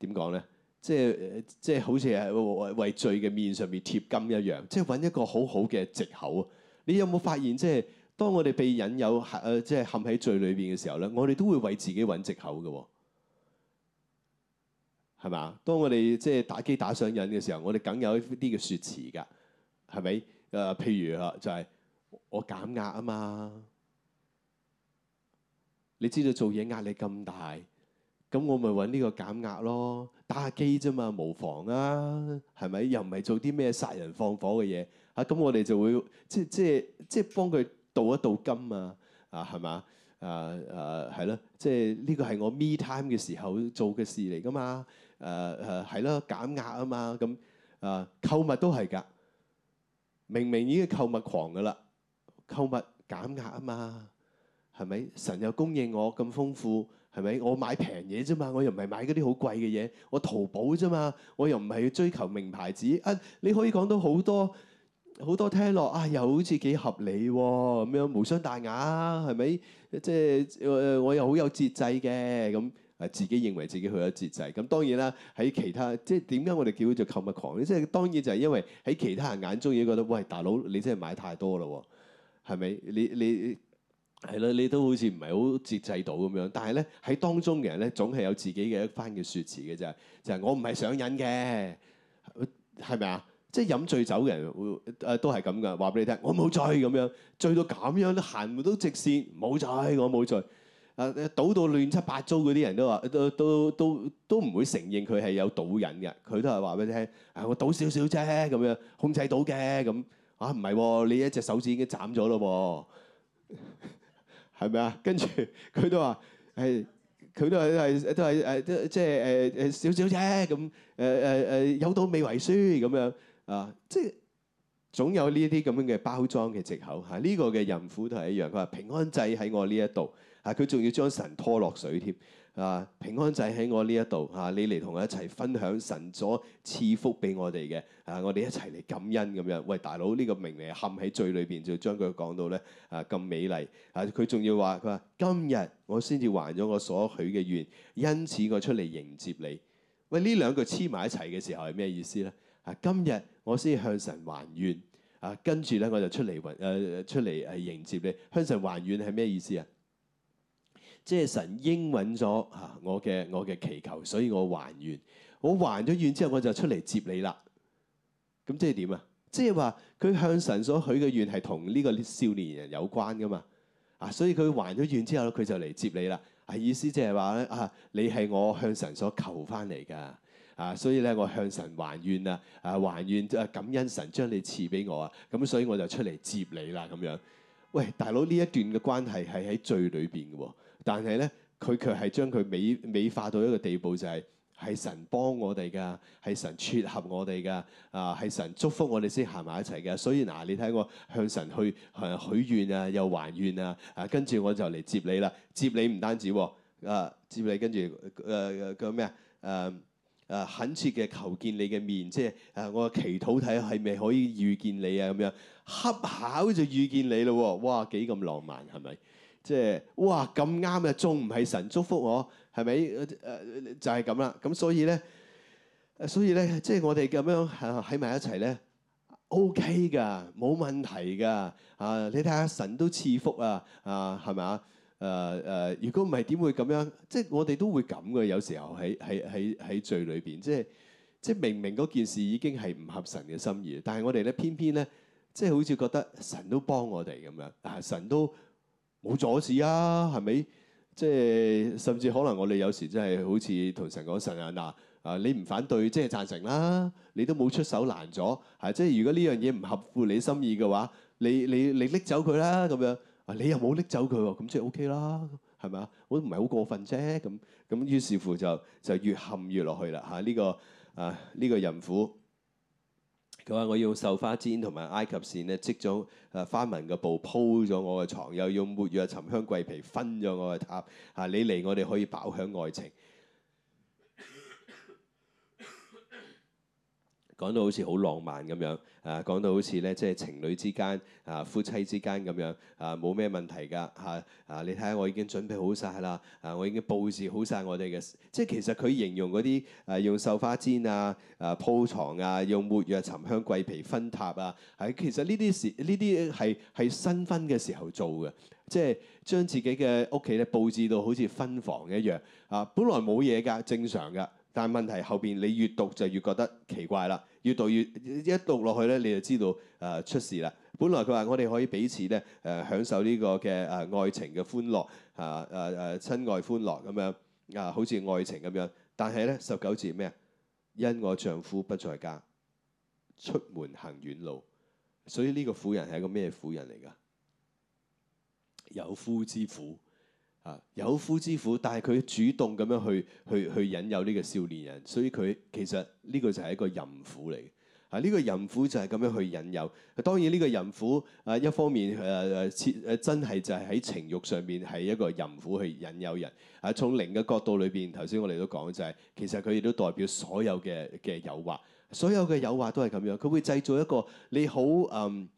點講咧？即係即係，好似係為罪嘅面上面貼金一樣，即係揾一個好好嘅藉口。你有冇發現，即係當我哋被引誘，誒、呃、即係陷喺罪裏邊嘅時候咧，我哋都會為自己揾藉口嘅、哦，係咪？當我哋即係打機打上癮嘅時候，我哋梗有一啲嘅説辭㗎，係咪？誒、呃，譬如嚇就係、是、我減壓啊嘛，你知道做嘢壓力咁大，咁我咪揾呢個減壓咯。打下機啫嘛，無妨啊，係咪？又唔係做啲咩殺人放火嘅嘢？嚇、啊、咁我哋就會即即即、即幫佢鍍一鍍金啊，啊係嘛？啊啊係囉，即係呢個係我 me time 嘅時候做嘅事嚟㗎嘛？誒誒係囉，減壓啊嘛，咁啊購物都係㗎，明明已經購物狂㗎啦，購物減壓啊嘛，係咪？神又供應我咁豐富。係咪？我買平嘢啫嘛，我又唔係買嗰啲好貴嘅嘢，我淘寶啫嘛，我又唔係要追求名牌子。啊，你可以講到好多好多聽落啊，又好似幾合理咁樣，無傷大雅啊，係咪？即係我又好有節制嘅，咁啊自己認為自己好有節制。咁當然啦，喺其他即係點解我哋叫做購物狂？即係當然就係因為喺其他人眼中已經覺得，喂，大佬你真係買太多啦，係咪？你你。係啦， 你都好似唔係好節制到咁樣，但係咧喺當中嘅人咧，總係有自己嘅一番嘅説詞嘅咋，就係、是、我唔係上癮嘅，係咪啊？即係飲醉酒嘅人，誒都係咁噶，話俾你聽，我冇醉咁樣，醉到咁樣行唔到直線冇醉，我冇醉。誒、啊、賭到亂七八糟嗰啲人都話，都都都都唔會承認佢係有賭癮嘅，佢都係話俾你聽，誒我賭少少啫，咁樣控制到嘅，咁啊唔係喎，你一隻手指已經斬咗咯喎。啊 係咪啊？跟住佢都話，係佢都係都係都係誒，即係誒誒少少啫咁誒誒誒，有到未為書咁樣啊！即係總有呢啲咁樣嘅包裝嘅藉口嚇。呢個嘅淫婦都係一樣，佢話平安祭喺我呢一度嚇，佢仲要將神拖落水添。啊，平安仔喺我呢一度啊，你嚟同我一齊分享神所賜福俾我哋嘅，啊，我哋一齊嚟感恩咁樣。喂，大佬呢、呢個名嘅陷喺最裏邊，就將佢講到咧啊咁美麗啊！佢仲要話佢話今日我先至還咗我所許嘅願，因此我出嚟迎接你。喂，呢兩句黐埋一齊嘅時候係咩意思咧？啊，今日我先向神還願啊，跟住咧我就出嚟誒、呃、出嚟誒迎接你。向神還願係咩意思啊？即係神應允咗嚇我嘅我嘅祈求，所以我還願。我還咗願之後，我就出嚟接你啦。咁即係點啊？即係話佢向神所許嘅願係同呢個少年人有關噶嘛啊，所以佢還咗願之後，佢就嚟接你啦。啊，意思即係話咧啊，你係我向神所求翻嚟㗎啊，所以咧，我向神還願啊，還啊，還願啊，感恩神將你賜俾我啊，咁所以我就出嚟接你啦。咁樣，喂，大佬呢一段嘅關係係喺罪裏邊嘅喎。但係咧，佢卻係將佢美美化到一個地步，就係，就係係神幫我哋噶，係神撮合我哋噶，啊、呃、係神祝福我哋先行埋一齊嘅。所以嗱、呃，你睇我向神去許願啊，又還願啊，啊跟住我就嚟接你啦，接你唔單止喎、啊，啊接你跟住誒叫咩啊？誒誒懇切嘅求見你嘅面，即係誒、呃、我祈禱睇係咪可以遇見你啊咁樣，恰巧就遇見你咯、啊，哇幾咁浪漫係咪？即係哇咁啱啊！仲唔係神祝福我係咪？誒、呃、就係咁啦。咁所以咧，所以咧，即係我哋咁樣喺埋、呃、一齊咧，OK 㗎，冇問題㗎。啊，你睇下神都賜福啊！啊，係咪啊？誒、呃、誒，如果唔係點會咁樣？即係我哋都會咁嘅，有時候喺喺喺喺罪裏邊，即係即係明明嗰件事已經係唔合神嘅心意，但係我哋咧偏偏咧，即係好似覺得神都幫我哋咁樣啊！神都。冇阻止啊，係咪？即係甚至可能我哋有時真係好似同神講神啊，嗱啊，你唔反對即係贊成啦，你都冇出手攔阻嚇。即係如果呢樣嘢唔合乎你心意嘅話，你你你拎走佢啦咁樣啊，你又冇拎走佢喎，咁即係 OK 啦，係咪啊？我都唔係好過分啫咁咁，於是乎就就越陷越落去啦嚇。呢個啊呢個淫婦。佢話：他說我要用繡花氈同埋埃及線咧織咗誒花紋嘅布鋪咗我嘅床，又用沒藥、沉香、桂皮熏咗我嘅塔。嚇，你嚟，我哋可以飽享愛情。講到好似好浪漫咁樣，啊講到好似咧，即係情侶之間啊、夫妻之間咁樣啊，冇咩問題㗎嚇啊！你睇下，我已經準備好晒啦，啊，我已經佈置好晒我哋嘅，即係其實佢形容嗰啲誒用繡花毯啊、誒鋪床啊、用沒藥沉香桂皮薰榻啊，係其實呢啲時呢啲係係新婚嘅時候做嘅，即係將自己嘅屋企咧佈置到好似婚房一樣啊，本來冇嘢㗎，正常㗎。但係問題後邊你越讀就越覺得奇怪啦，越讀越一讀落去咧你就知道誒、呃、出事啦。本來佢話我哋可以彼此咧誒、呃、享受呢個嘅誒、呃、愛情嘅歡樂啊誒誒親愛歡樂咁樣啊、呃，好似愛情咁樣。但係咧十九節咩啊？因我丈夫不在家，出門行遠路，所以呢個婦人係一個咩婦人嚟㗎？有夫之婦。有夫之婦，但係佢主動咁樣去去去引誘呢個少年人，所以佢其實呢、這個就係一個淫婦嚟、這個。啊，呢個淫婦就係咁樣去引誘。當然呢個淫婦啊，一方面誒誒切誒真係就係喺情欲上面係一個淫婦去引誘人。啊，從另一角度裏邊，頭先我哋都講就係、是，其實佢亦都代表所有嘅嘅誘惑，所有嘅誘惑都係咁樣，佢會製造一個你好誒。嗯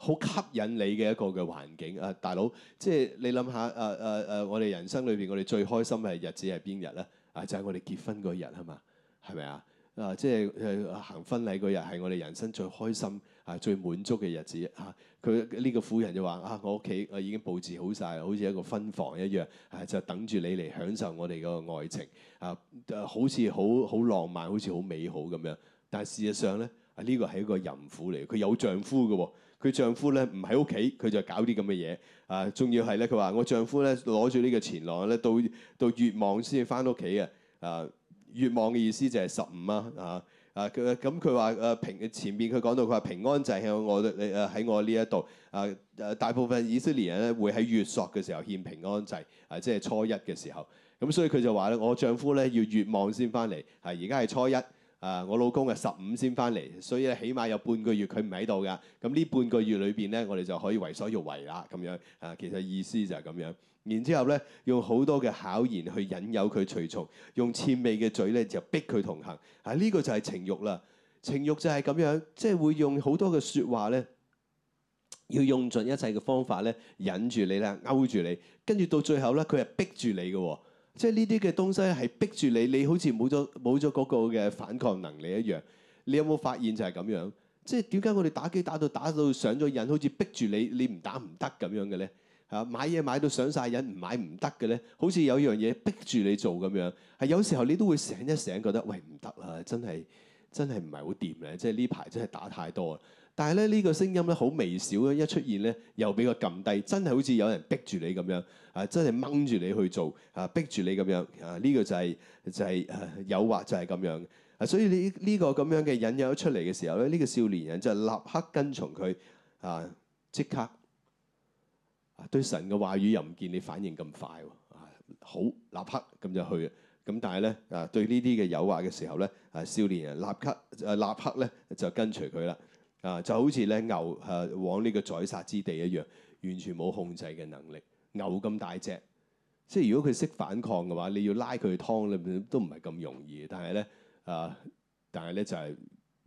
好吸引你嘅一個嘅環境啊！大佬，即係你諗下啊啊啊！我哋人生裏邊，我哋最開心嘅日子係邊日咧？啊，就係我哋結婚嗰日啊嘛，係咪啊？啊，即係誒行婚禮嗰日係我哋人生最開心啊、最滿足嘅日子嚇。佢呢個婦人就話啊：我屋企我已經布置好晒，好似一個婚房一樣，係就等住你嚟享受我哋嘅愛情啊，好似好好浪漫，好似好美好咁樣。但係事實上咧，呢個係一個淫婦嚟，佢有丈夫嘅喎。佢丈夫咧唔喺屋企，佢就搞啲咁嘅嘢啊！仲要係咧，佢話我丈夫咧攞住呢個錢囊咧，到到月望先翻屋企嘅啊！月望嘅意思就係十五啊啊！佢咁佢話誒平前面，佢講到佢話平安祭喺我你誒喺我呢一度啊，誒大部分以色列人咧會喺月朔嘅時候獻平安祭啊，即係初一嘅時候。咁、啊、所以佢就話咧，我丈夫咧要月望先翻嚟。係而家係初一。啊！我老公啊，十五先翻嚟，所以咧，起碼有半個月佢唔喺度嘅。咁呢半個月裏邊咧，我哋就可以為所欲為啦，咁樣。啊，其實意思就係咁樣。然之後咧，用好多嘅巧言去引誘佢隨從，用諂媚嘅嘴咧就逼佢同行。啊，呢、呢個就係情慾啦。情慾就係咁樣，即係會用好多嘅説話咧，要用盡一切嘅方法咧，忍住你啦，勾住你，跟住到最後咧，佢係逼住你嘅。即係呢啲嘅東西係逼住你，你好似冇咗冇咗嗰個嘅反抗能力一樣。你有冇發現就係咁樣？即係點解我哋打機打到打到上咗癮，好似逼住你你唔打唔得咁樣嘅咧？嚇買嘢買到上晒癮，唔買唔得嘅咧，好似有樣嘢逼住你做咁樣。係有時候你都會醒一醒，覺得喂，唔得啦，真係真係唔係好掂嘅。即係呢排真係打太多。但係咧，呢個聲音咧，好微小嘅，一出現咧又俾佢撳低，真係好似有人逼住你咁樣啊！真係掹住你去做啊，逼住你咁樣啊！呢個就係就係誒誘惑，就係咁樣啊！所以呢呢個咁樣嘅引誘出嚟嘅時候咧，呢個少年人就立刻跟從佢啊，即刻啊，對神嘅話語又唔見你反應咁快啊，好立刻咁就去咁。但係咧啊，對呢啲嘅誘惑嘅時候咧啊，少年人立刻啊立刻咧就跟隨佢啦。啊，就好似咧牛啊往呢個宰殺之地一樣，完全冇控制嘅能力。牛咁大隻，即係如果佢識反抗嘅話，你要拉佢去湯裏面都唔係咁容易。但係咧啊，但係咧就係、是、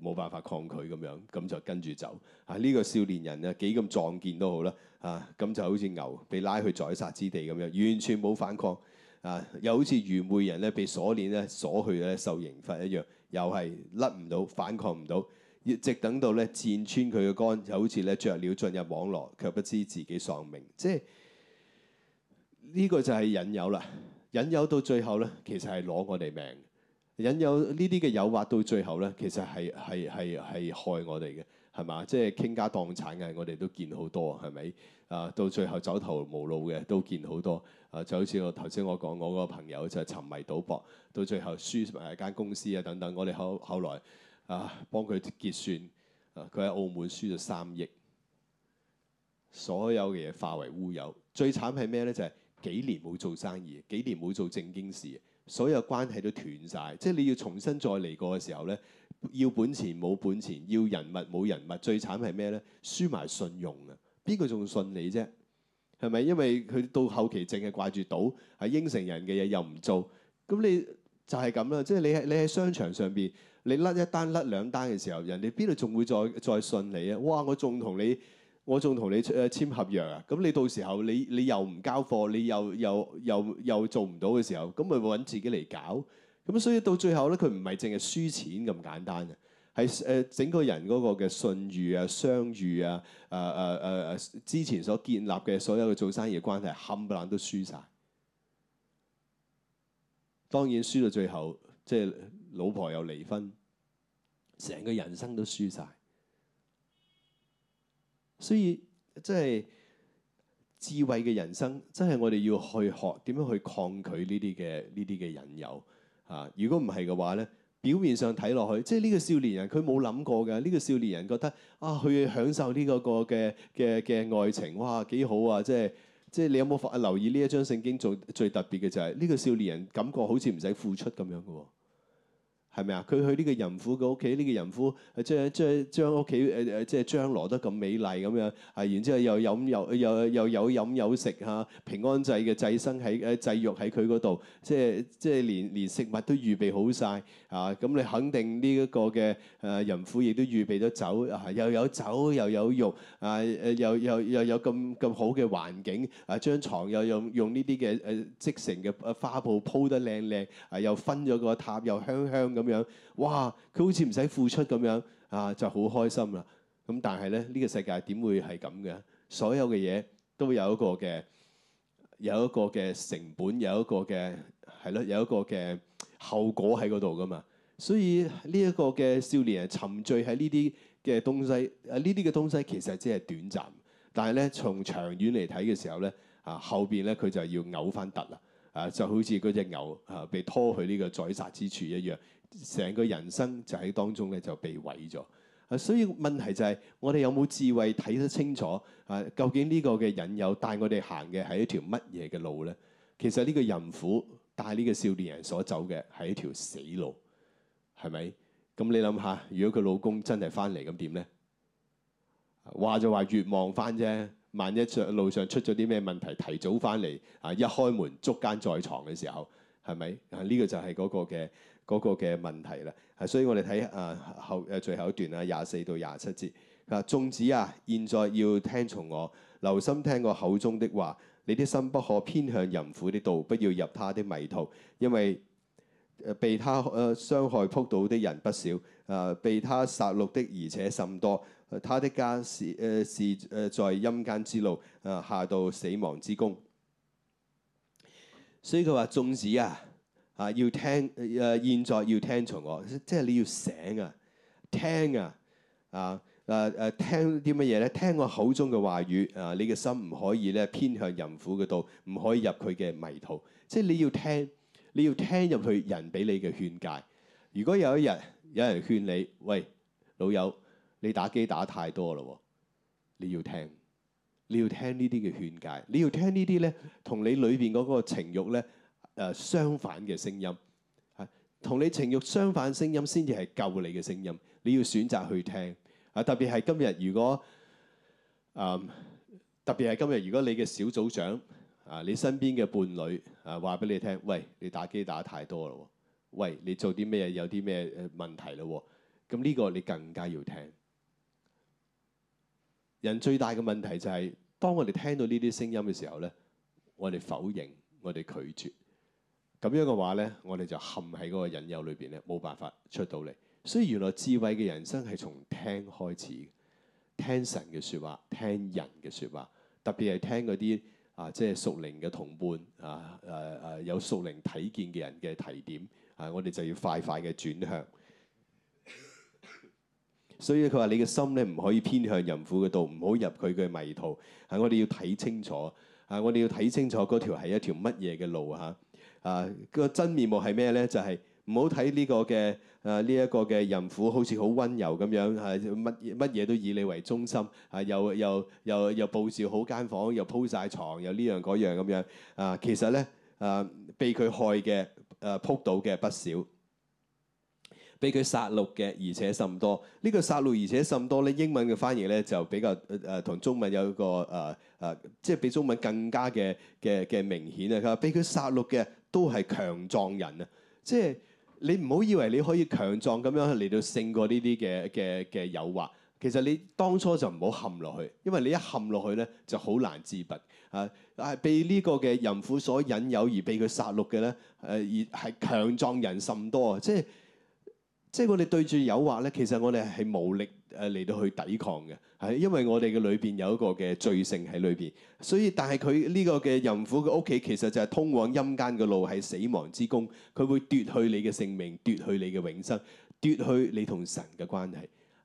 冇辦法抗拒咁樣，咁就跟住走。啊呢、這個少年人咧幾咁壯健都好啦，啊咁就好似牛被拉去宰殺之地咁樣，完全冇反抗。啊又好似愚昧人咧被鎖鏈咧鎖去咧受刑罰一樣，又係甩唔到，反抗唔到。一直等到咧，箭穿佢嘅肝，就好似咧著了進入網絡，卻不知自己喪命。即係呢、這個就係引誘啦，引誘到最後咧，其實係攞我哋命。引誘呢啲嘅誘惑到最後咧，其實係係係係害我哋嘅，係嘛？即係傾家蕩產嘅，我哋都見好多，係咪？啊，到最後走投無路嘅都見好多。啊，就好似我頭先我講我個朋友就係沉迷賭博，到最後輸埋間、啊、公司啊等等。我哋後後來。啊，幫佢結算，啊，佢喺澳門輸咗三億，所有嘅嘢化為烏有。最慘係咩呢？就係幾年冇做生意，幾年冇做正經事，所有關係都斷晒。即係你要重新再嚟過嘅時候呢，要本錢冇本錢，要人物冇人物。最慘係咩呢？輸埋信用啊！邊個仲信你啫？係咪？因為佢到後期淨係掛住賭，係應承人嘅嘢又唔做，咁你。就係咁啦，即係你喺你喺商場上邊，你甩一單甩兩單嘅時候，人哋邊度仲會再再信你啊？哇！我仲同你，我仲同你誒簽合約啊！咁你到時候你你又唔交貨，你又又又又又做唔到嘅時候，咁咪揾自己嚟搞？咁所以到最後咧，佢唔係淨係輸錢咁簡單嘅，係誒整個人嗰個嘅信譽啊、商譽啊、誒誒誒誒之前所建立嘅所有嘅做生意關係冚唪唥都輸晒。當然輸到最後，即係老婆又離婚，成個人生都輸晒。所以即係智慧嘅人生，即係我哋要去學點樣去抗拒呢啲嘅呢啲嘅引誘啊！如果唔係嘅話咧，表面上睇落去，即係呢個少年人佢冇諗過嘅。呢個少年人覺得啊，去享受呢個個嘅嘅嘅愛情，哇，幾好啊！即係。即係你有冇留意呢一張聖經最最特別嘅就係、是、呢、這個少年人感覺好似唔使付出咁樣嘅喎、哦。係咪啊？佢去呢個淫婦個屋企，呢個個淫婦將將將屋企誒誒即係張羅得咁美麗咁樣啊，然之後又飲又又又有飲有食吓，平安祭嘅祭牲喺誒祭肉喺佢度，即係即係連連食物都預備好曬啊，咁你肯定呢一個嘅誒淫婦亦都預備咗酒啊，又有酒又有肉啊誒又又又有咁咁好嘅環境啊，張床又用用呢啲嘅誒織成嘅花布鋪得靚靚啊，又薰咗個榻又香香。咁樣，哇！佢好似唔使付出咁樣啊，就好開心啦。咁但係咧，呢個世界點會係咁嘅？所有嘅嘢都會有一個嘅，有一個嘅成本，有一個嘅係咯，有一個嘅後果喺嗰度㗎嘛。所以呢一個嘅少年係沉醉喺呢啲嘅東西，啊呢啲嘅東西其實只係短暫，但係咧從長遠嚟睇嘅時候咧，啊後邊咧佢就要嘔翻突啦，啊就好似嗰隻牛啊被拖去呢個宰殺之處一樣。成個人生就喺當中咧就被毀咗，啊！所以問題就係我哋有冇智慧睇得清楚啊？究竟呢個嘅引誘帶我哋行嘅係一條乜嘢嘅路呢？其實呢個淫婦帶呢個少年人所走嘅係一條死路，係咪？咁你諗下，如果佢老公真係翻嚟咁點呢？話就話月望翻啫，萬一上路上出咗啲咩問題提早翻嚟啊！一開門捉奸在床嘅時候。係咪？啊，呢、這個就係嗰個嘅嗰嘅問題啦。係，所以我哋睇啊後誒、啊、最後一段啦，廿四到廿七節。啊，眾子啊，現在要聽從我，留心聽我口中的話。你的心不可偏向淫婦的道，不要入他的迷途，因為被他誒傷、呃、害撲倒的人不少，啊、呃，被他殺戮的而且甚多。他的家是誒是誒、呃、在陰間之路，啊、呃，下到死亡之宮。所以佢話：眾子啊，啊要聽，誒現在要聽從我，即係你要醒啊，聽啊，啊誒誒、啊、聽啲乜嘢咧？聽我口中嘅話語啊，你嘅心唔可以咧偏向淫婦嗰度，唔可以入佢嘅迷途。即係你要聽，你要聽入去人俾你嘅勸戒。如果有一日有人勸你，喂，老友，你打機打太多啦，你要聽。你要聽呢啲嘅勸解，你要聽呢啲咧，同你裏邊嗰個情欲咧，誒相反嘅聲音，嚇，同你情欲相反聲音先至係救你嘅聲音。你要選擇去聽，啊，特別係今日，如果，嗯，特別係今日，如果你嘅小組長，啊，你身邊嘅伴侶，啊，話俾你聽，喂，你打機打太多啦，喎，喂，你做啲咩嘢？有啲咩誒問題啦。喎，咁呢個你更加要聽。人最大嘅問題就係、是，當我哋聽到呢啲聲音嘅時候咧，我哋否認，我哋拒絕，咁樣嘅話咧，我哋就陷喺嗰個引誘裏邊咧，冇辦法出到嚟。所以原來智慧嘅人生係從聽開始，聽神嘅説話，聽人嘅説話，特別係聽嗰啲啊，即係屬靈嘅同伴啊，誒、啊、誒有屬靈體見嘅人嘅提點，啊，我哋就要快快嘅轉向。所以佢話：你嘅心咧唔可以偏向淫婦嘅度，唔好入佢嘅迷途。啊，我哋要睇清楚，啊，我哋要睇清楚嗰條係一條乜嘢嘅路啊！啊，個真面目係咩咧？就係唔好睇呢個嘅啊，呢、這、一個嘅淫婦好似好温柔咁樣，啊，乜乜嘢都以你為中心，啊，又又又又佈置好間房，又鋪晒床，又呢樣嗰樣咁樣。啊，其實咧，啊，被佢害嘅，誒、啊，撲到嘅不少。俾佢殺戮嘅，而且甚多。呢、這個殺戮而且甚多咧，英文嘅翻譯咧就比較誒同、呃、中文有一個誒、呃呃、即係比中文更加嘅嘅嘅明顯啊！佢話俾佢殺戮嘅都係強壯人啊，即係你唔好以為你可以強壯咁樣嚟到勝過呢啲嘅嘅嘅誘惑。其實你當初就唔好陷落去，因為你一陷落去咧就好難自拔。啊！係俾呢個嘅淫婦所引誘而俾佢殺戮嘅咧，誒、呃、而係強壯人甚多，即係。即係我哋對住誘惑咧，其實我哋係無力誒嚟到去抵抗嘅，係因為我哋嘅裏邊有一個嘅罪性喺裏邊。所以，但係佢呢個嘅淫婦嘅屋企，其實就係通往陰間嘅路，係死亡之宮，佢會奪去你嘅性命，奪去你嘅永生，奪去你同神嘅關係。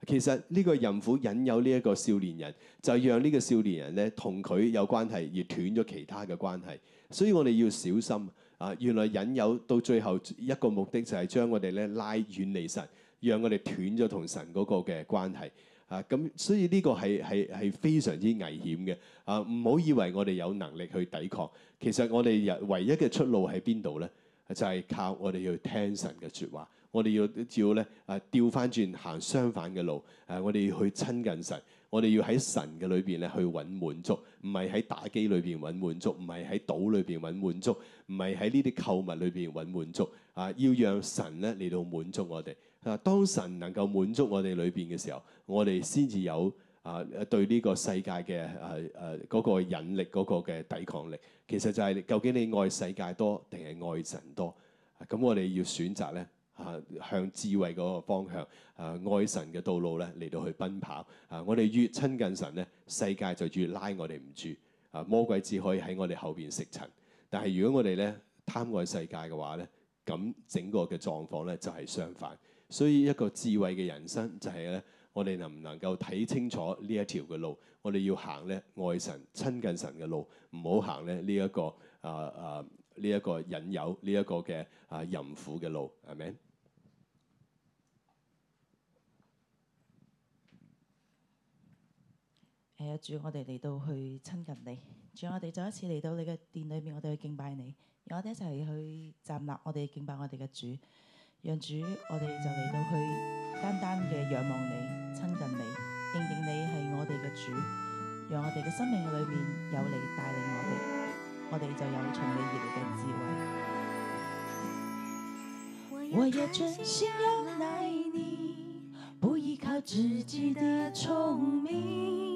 其實呢個淫婦引誘呢一個少年人，就讓呢個少年人咧同佢有關係，而斷咗其他嘅關係。所以我哋要小心。啊！原來引誘到最後一個目的就係將我哋咧拉遠離神，讓我哋斷咗同神嗰個嘅關係啊！咁所以呢個係係係非常之危險嘅啊！唔好以為我哋有能力去抵抗，其實我哋唯一嘅出路喺邊度呢？就係、是、靠我哋要聽神嘅説話，我哋要要咧啊，調翻轉行相反嘅路，誒、啊，我哋要去親近神。我哋要喺神嘅裏邊咧去揾滿足，唔係喺打機裏邊揾滿足，唔係喺賭裏邊揾滿足，唔係喺呢啲購物裏邊揾滿足啊！要讓神咧嚟到滿足我哋啊！當神能夠滿足我哋裏邊嘅時候，我哋先至有啊對呢個世界嘅誒誒嗰個引力嗰個嘅抵抗力。其實就係究竟你愛世界多定係愛神多？咁我哋要選擇咧。啊，向智慧嗰個方向，啊、呃，愛神嘅道路咧嚟到去奔跑。啊、呃，我哋越親近神咧，世界就越拉我哋唔住。啊，魔鬼只可以喺我哋後邊食塵。但係如果我哋咧貪愛世界嘅話咧，咁整個嘅狀況咧就係、是、相反。所以一個智慧嘅人生就係咧，我哋能唔能夠睇清楚呢一條嘅路？我哋要行咧愛神、親近神嘅路，唔好行咧呢一、這個啊啊呢一個引誘、呢、這、一個嘅啊、呃、淫婦嘅路。係咪？係呀主，我哋嚟到去親近你；主，我哋再一次嚟到你嘅殿裏面，我哋去敬拜你；讓我哋一齊去站立，我哋敬拜我哋嘅主。讓主，我哋就嚟到去單單嘅仰望你、親近你，認定你係我哋嘅主。讓我哋嘅生命裏面有你帶領我哋，我哋就有從你而嚟嘅智慧。我要專心仰賴你，不依靠自己的聰明。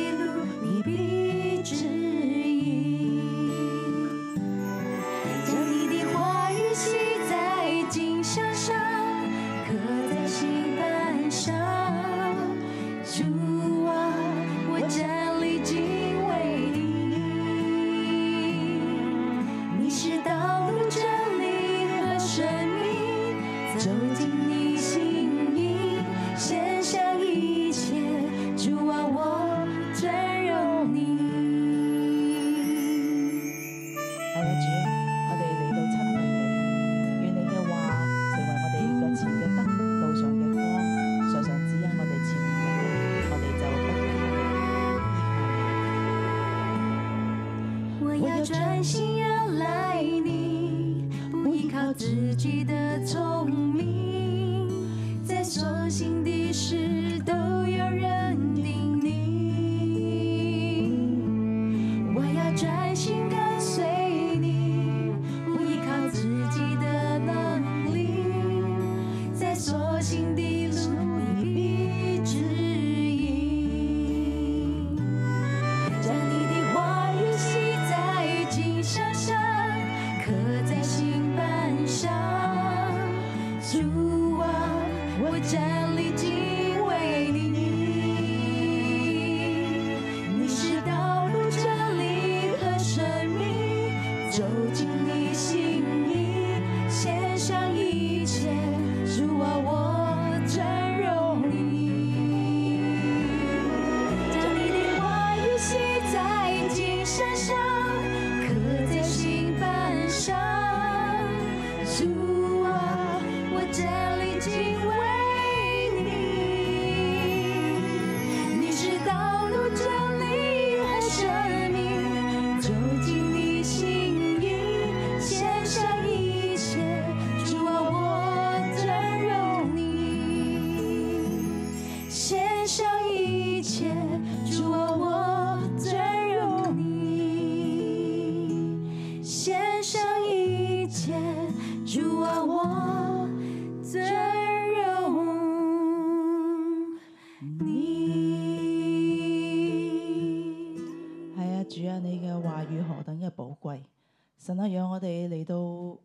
神啊，讓我哋嚟到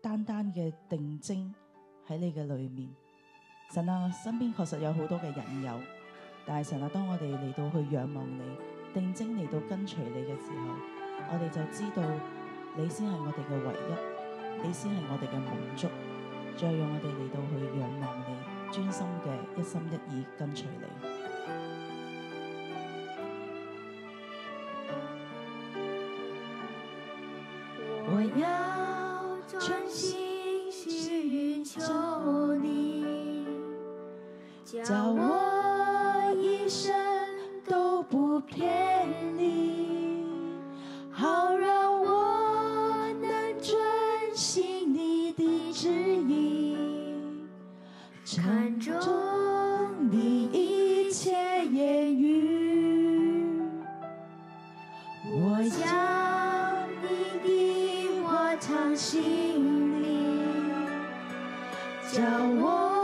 單單嘅定睛喺你嘅裏面。神啊，身邊確實有好多嘅引誘，但係神啊，當我哋嚟到去仰望你、定睛嚟到跟隨你嘅時候，我哋就知道你先係我哋嘅唯一，你先係我哋嘅滿足。再讓我哋嚟到去仰望你，專心嘅一心一意跟隨你。我要專心祈求你，叫我一生都不騙你，好讓我能專心你的旨意，看重你一切言語。我將。請你叫我。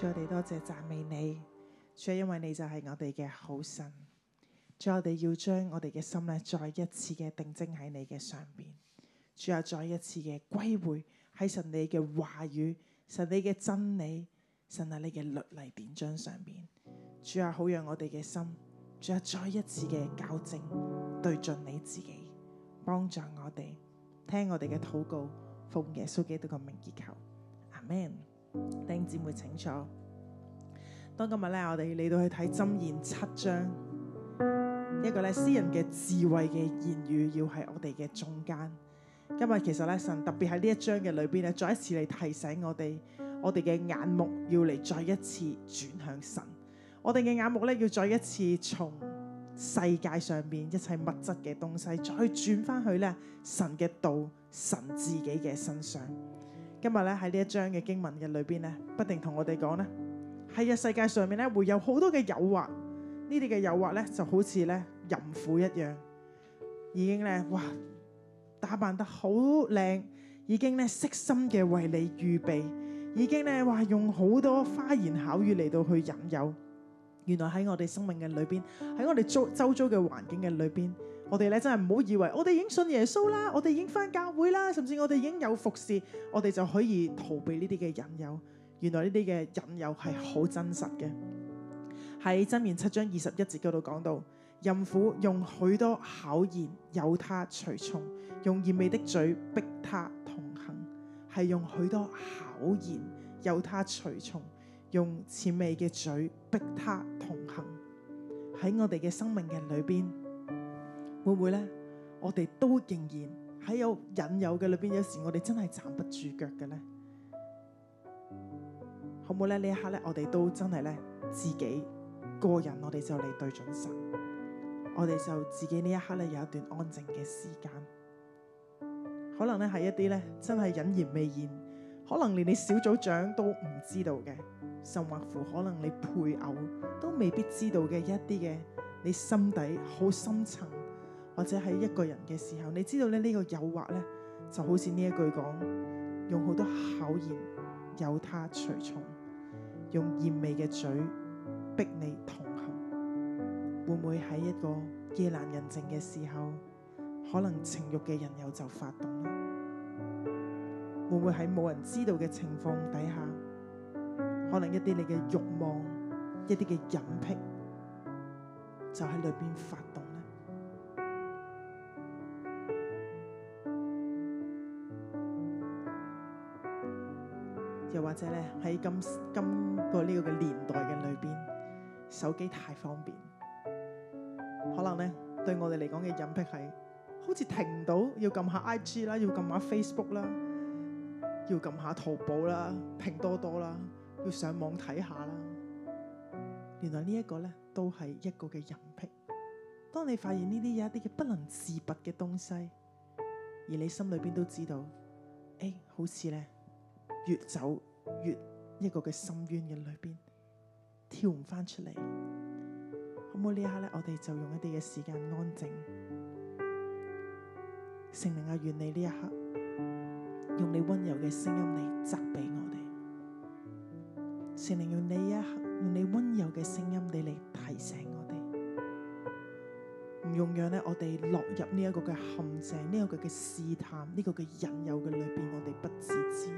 主啊，我哋多謝讚美你。主啊，因為你就係我哋嘅好神。主啊，我哋要將我哋嘅心咧，再一次嘅定睛喺你嘅上邊。主啊，再一次嘅歸回喺神你嘅話語、神你嘅真理、神啊你嘅律例典章上邊。主啊，好讓我哋嘅心，主啊，再一次嘅糾正對準你自己，幫助我哋聽我哋嘅禱告，奉耶穌基督嘅名祈求。阿們。丁姊妹，請坐。當今日咧，我哋嚟到去睇箴言七章，一個咧私人嘅智慧嘅言語，要喺我哋嘅中間。今日其實咧，神特別喺呢一章嘅裏邊咧，再一次嚟提醒我哋，我哋嘅眼目要嚟再一次轉向神，我哋嘅眼目咧要再一次從世界上面一切物質嘅東西，再轉翻去咧神嘅道，神自己嘅身上。今日咧喺呢一章嘅經文嘅裏邊咧，不定同我哋講咧喺嘅世界上面咧，會有好多嘅誘惑，呢啲嘅誘惑咧就好似咧淫婦一樣，已經咧哇打扮得好靚，已經咧悉心嘅為你預備，已經咧哇用好多花言巧語嚟到去引誘。原來喺我哋生命嘅裏邊，喺我哋周周遭嘅環境嘅裏邊。我哋咧真係唔好以為我哋已經信耶穌啦，我哋已經返教會啦，甚至我哋已經有服侍，我哋就可以逃避呢啲嘅引誘。原來呢啲嘅引誘係好真實嘅。喺箴言七章二十一節嗰度講到，淫婦用許多巧言誘他隨從，用諂媚的嘴逼他同行，係用許多巧言誘他隨從，用諂媚嘅嘴逼他同行。喺我哋嘅生命嘅裏邊。會唔會咧？我哋都仍然喺有引誘嘅裏邊，有時我哋真係站不住腳嘅咧。好唔好咧？呢一刻咧，我哋都真係咧自己個人，我哋就嚟對準神，我哋就自己呢一刻咧有一段安靜嘅時間。可能咧係一啲咧真係隱然未現，可能連你小組長都唔知道嘅，甚或乎可能你配偶都未必知道嘅一啲嘅，你心底好深層。或者喺一個人嘅時候，你知道咧呢個誘惑咧，就好似呢一句講，用好多巧言誘他隨從，用艷味嘅嘴逼你同行。會唔會喺一個夜闌人靜嘅時候，可能情慾嘅人又就發動咧？會唔會喺冇人知道嘅情況底下，可能一啲你嘅慾望、一啲嘅隱癖就喺裏邊發動？即係咧喺今今個呢個嘅年代嘅裏邊，手機太方便，可能咧對我哋嚟講嘅癮癖係，好似停唔到，要撳下 IG 啦，要撳下 Facebook 啦，要撳下淘寶啦、拼多多啦，要上網睇下啦。原來呢一個咧都係一個嘅癮癖。當你發現呢啲有一啲嘅不能自拔嘅東西，而你心裏邊都知道，誒，好似咧越走。越一個嘅深淵嘅裏邊，跳唔返出嚟，咁好唔好呢一刻咧？我哋就用一啲嘅時間安靜，聖靈啊，願你呢一刻用你溫柔嘅聲音嚟責備我哋，聖靈用、啊、你一刻用你溫柔嘅聲音你嚟提醒我哋，唔容讓咧我哋落入呢一個嘅陷阱，呢、這、一個嘅試探，呢、這個嘅引誘嘅裏邊，我哋不自知。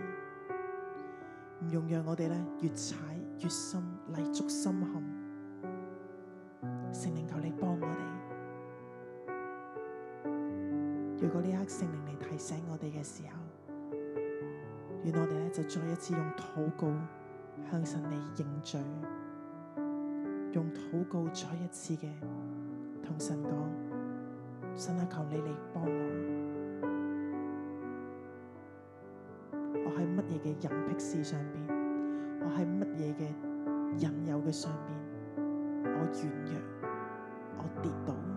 唔用讓我哋咧越踩越深，泥足深陷。聖靈求你幫我哋。如果呢刻聖靈嚟提醒我哋嘅時候，願我哋咧就再一次用禱告向神你認罪，用禱告再一次嘅同神講：神啊，求你嚟幫我。我喺乜嘢嘅引誘事上邊？我喺乜嘢嘅引誘嘅上邊？我軟弱，我跌倒。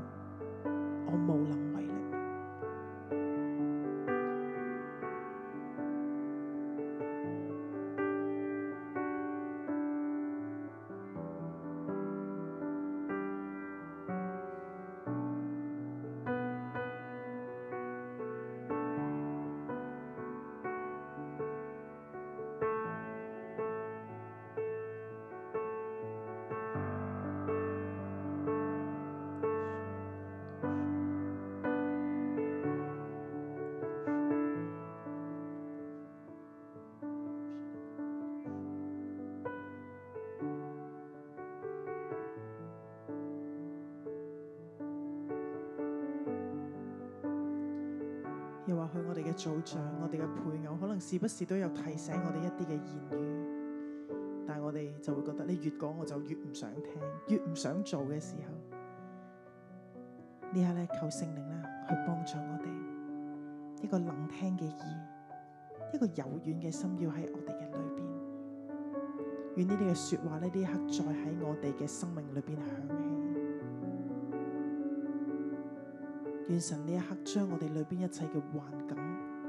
組長，我哋嘅配偶可能時不時都有提醒我哋一啲嘅言語，但係我哋就會覺得你越講我就越唔想聽，越唔想做嘅時候，呢一刻咧，求聖靈啦去幫助我哋一個能聽嘅耳，一個柔軟嘅心要喺我哋嘅裏邊，願呢啲嘅說話呢，呢一刻再喺我哋嘅生命裏邊響起，願神呢一刻將我哋裏邊一切嘅幻感，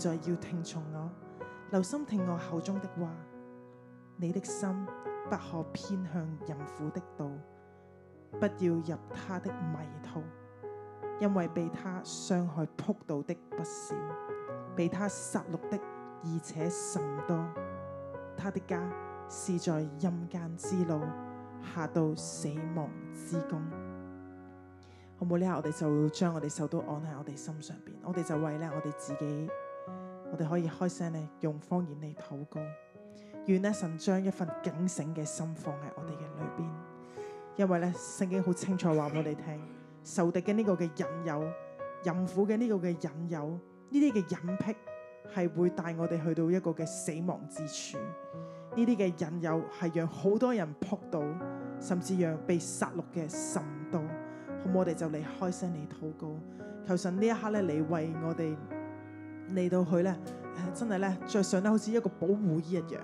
在要聽從我，留心聽我口中的話。你的心不可偏向淫婦的道，不要入他的迷途，因為被他傷害僕倒的不少，被他殺戮的而且甚多。他的家是在陰間之路，下到死亡之宮。好冇呢下，我哋就將我哋手都按喺我哋心上邊，我哋就為呢，我哋自己。我哋可以開聲咧，用方言嚟禱告，願咧，神將一份警醒嘅心放喺我哋嘅裏邊，因為咧，聖經好清楚話俾我哋聽，受敵嘅呢個嘅引誘，淫婦嘅呢個嘅引誘，呢啲嘅隱僻係會帶我哋去到一個嘅死亡之處，呢啲嘅引誘係讓好多人撲倒，甚至讓被殺戮嘅甚多。好，我哋就嚟開聲嚟禱告，求神呢一刻咧，嚟為我哋。嚟到佢咧，真係咧，着上咧好似一個保護衣一樣，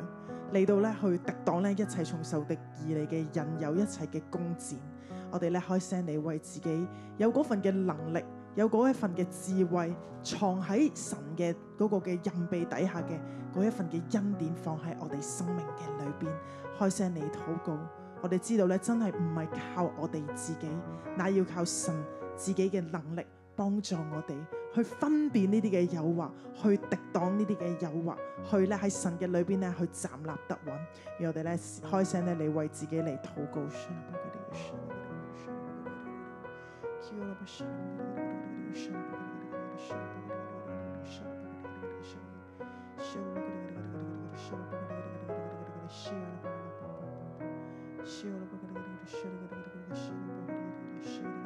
嚟到咧去抵擋咧一切從受敵而嚟嘅人，有一切嘅攻戰。我哋咧開聲你為自己有嗰份嘅能力，有嗰一份嘅智慧，藏喺神嘅嗰個嘅恩庇底下嘅嗰一份嘅恩典，放喺我哋生命嘅裏邊，開聲你禱告。我哋知道咧，真係唔係靠我哋自己，乃要靠神自己嘅能力幫助我哋。去分辨呢啲嘅誘惑，去敵擋呢啲嘅誘惑，去咧喺神嘅裏邊咧去站立得穩。然後我哋咧開聲咧你為自己嚟禱告。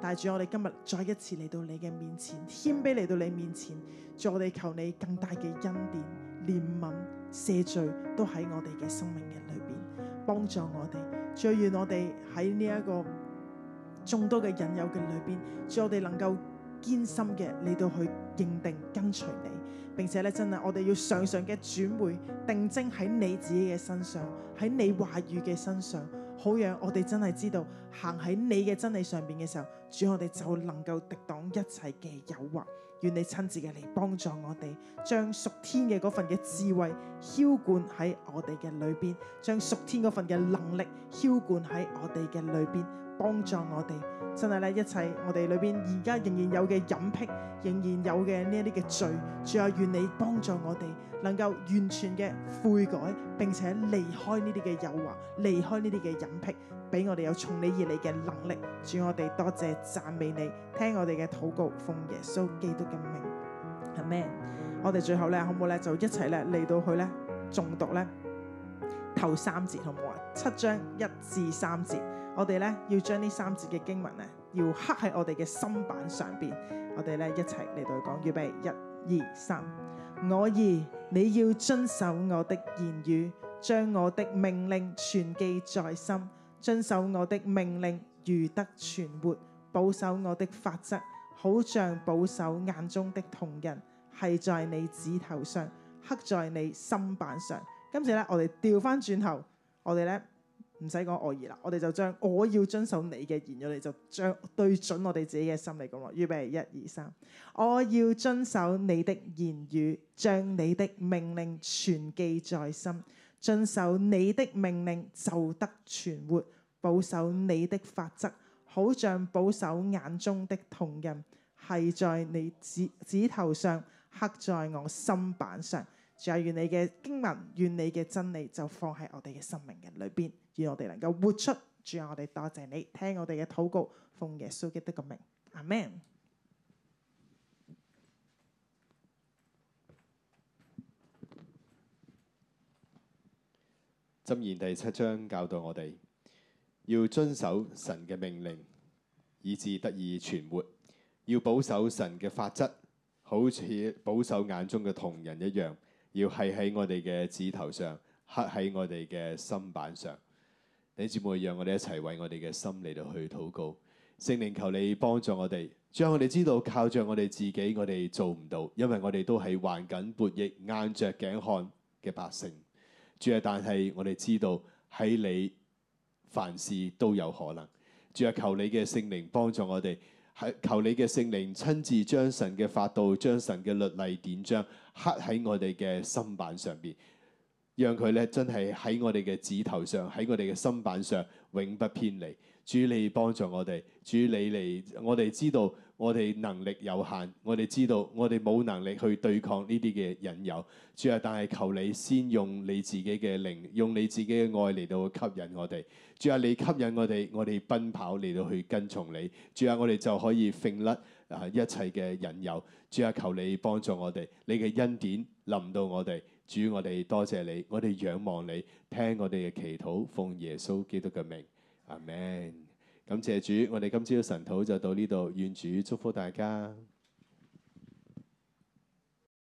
帶住我哋今日再一次嚟到你嘅面前，謙卑嚟到你面前，在我哋求你更大嘅恩典、憐憫、赦罪，都喺我哋嘅生命嘅裏邊幫助我哋。最願我哋喺呢一個眾多嘅引誘嘅裏邊，在我哋能夠堅心嘅嚟到去認定跟隨你，並且咧真係我哋要常常嘅轉回定睛喺你自己嘅身上，喺你話語嘅身上。好讓我哋真係知道行喺你嘅真理上邊嘅時候，主，我哋就能夠抵擋一切嘅誘惑。願你親自嘅嚟幫助我哋，將屬天嘅嗰份嘅智慧澆灌喺我哋嘅裏邊，將屬天嗰份嘅能力澆灌喺我哋嘅裏邊。幫助我哋，真係咧，一切我哋裏邊而家仍然有嘅隱僻，仍然有嘅呢啲嘅罪，主啊，願你幫助我哋能夠完全嘅悔改，並且離開呢啲嘅誘惑，離開呢啲嘅隱僻，俾我哋有從你而嚟嘅能力。主，我哋多謝讚美你，聽我哋嘅禱告，奉耶穌基督嘅名，阿門。我哋最後咧，好唔好咧？就一齊咧嚟到去咧，誦讀咧頭三節，好唔好啊？七章一至三節。我哋咧要將呢三節嘅經文咧，要刻喺我哋嘅心板上邊。我哋咧一齊嚟到講，預備，一、二、三。我兒，你要遵守我的言語，將我的命令存記在心，遵守我的命令，如得存活，保守我的法則，好像保守眼中的瞳人，係在你指頭上，刻在你心板上。今次咧，我哋調翻轉頭，我哋咧。唔使講外語啦，我哋就將我要遵守你嘅言語，你就將對準我哋自己嘅心嚟講。預備一二三，我要遵守你的言語，將你的命令存記在心，遵守你的命令就得存活，保守你的法則，好像保守眼中的瞳人，係在你指指頭上刻在我心板上。就願你嘅經文，願你嘅真理，就放喺我哋嘅生命嘅裏邊。願我哋能夠活出，主啊！我哋多謝你聽我哋嘅禱告，奉耶穌基督嘅名，阿門。箴言第七章教導我哋要遵守神嘅命令，以致得以存活；要保守神嘅法則，好似保守眼中嘅瞳人一樣，要係喺我哋嘅指頭上，刻喺我哋嘅心板上。弟兄姊妹，讓我哋一齊為我哋嘅心嚟到去禱告。聖靈，求你幫助我哋，將我哋知道靠著我哋自己，我哋做唔到，因為我哋都係患緊悖逆、硬着頸項嘅百姓。主啊，但係我哋知道喺你凡事都有可能。主啊，求你嘅聖靈幫助我哋，係求你嘅聖靈親自將神嘅法度、將神嘅律例典章刻喺我哋嘅心版上邊。讓佢咧真係喺我哋嘅指頭上，喺我哋嘅心版上永不偏離。主你幫助我哋，主你嚟，我哋知道我哋能力有限，我哋知道我哋冇能力去對抗呢啲嘅引誘。主啊，但係求你先用你自己嘅靈，用你自己嘅愛嚟到吸引我哋。主啊，你吸引我哋，我哋奔跑嚟到去跟從你。主啊，我哋就可以揈甩一切嘅引誘。主啊，求你幫助我哋，你嘅恩典臨到我哋。主，我哋多謝，謝你，我哋仰望你，聽我哋嘅祈禱，奉耶穌基督嘅名，阿門，感謝主，我哋今朝嘅晨禱就到呢度，願主祝福大家。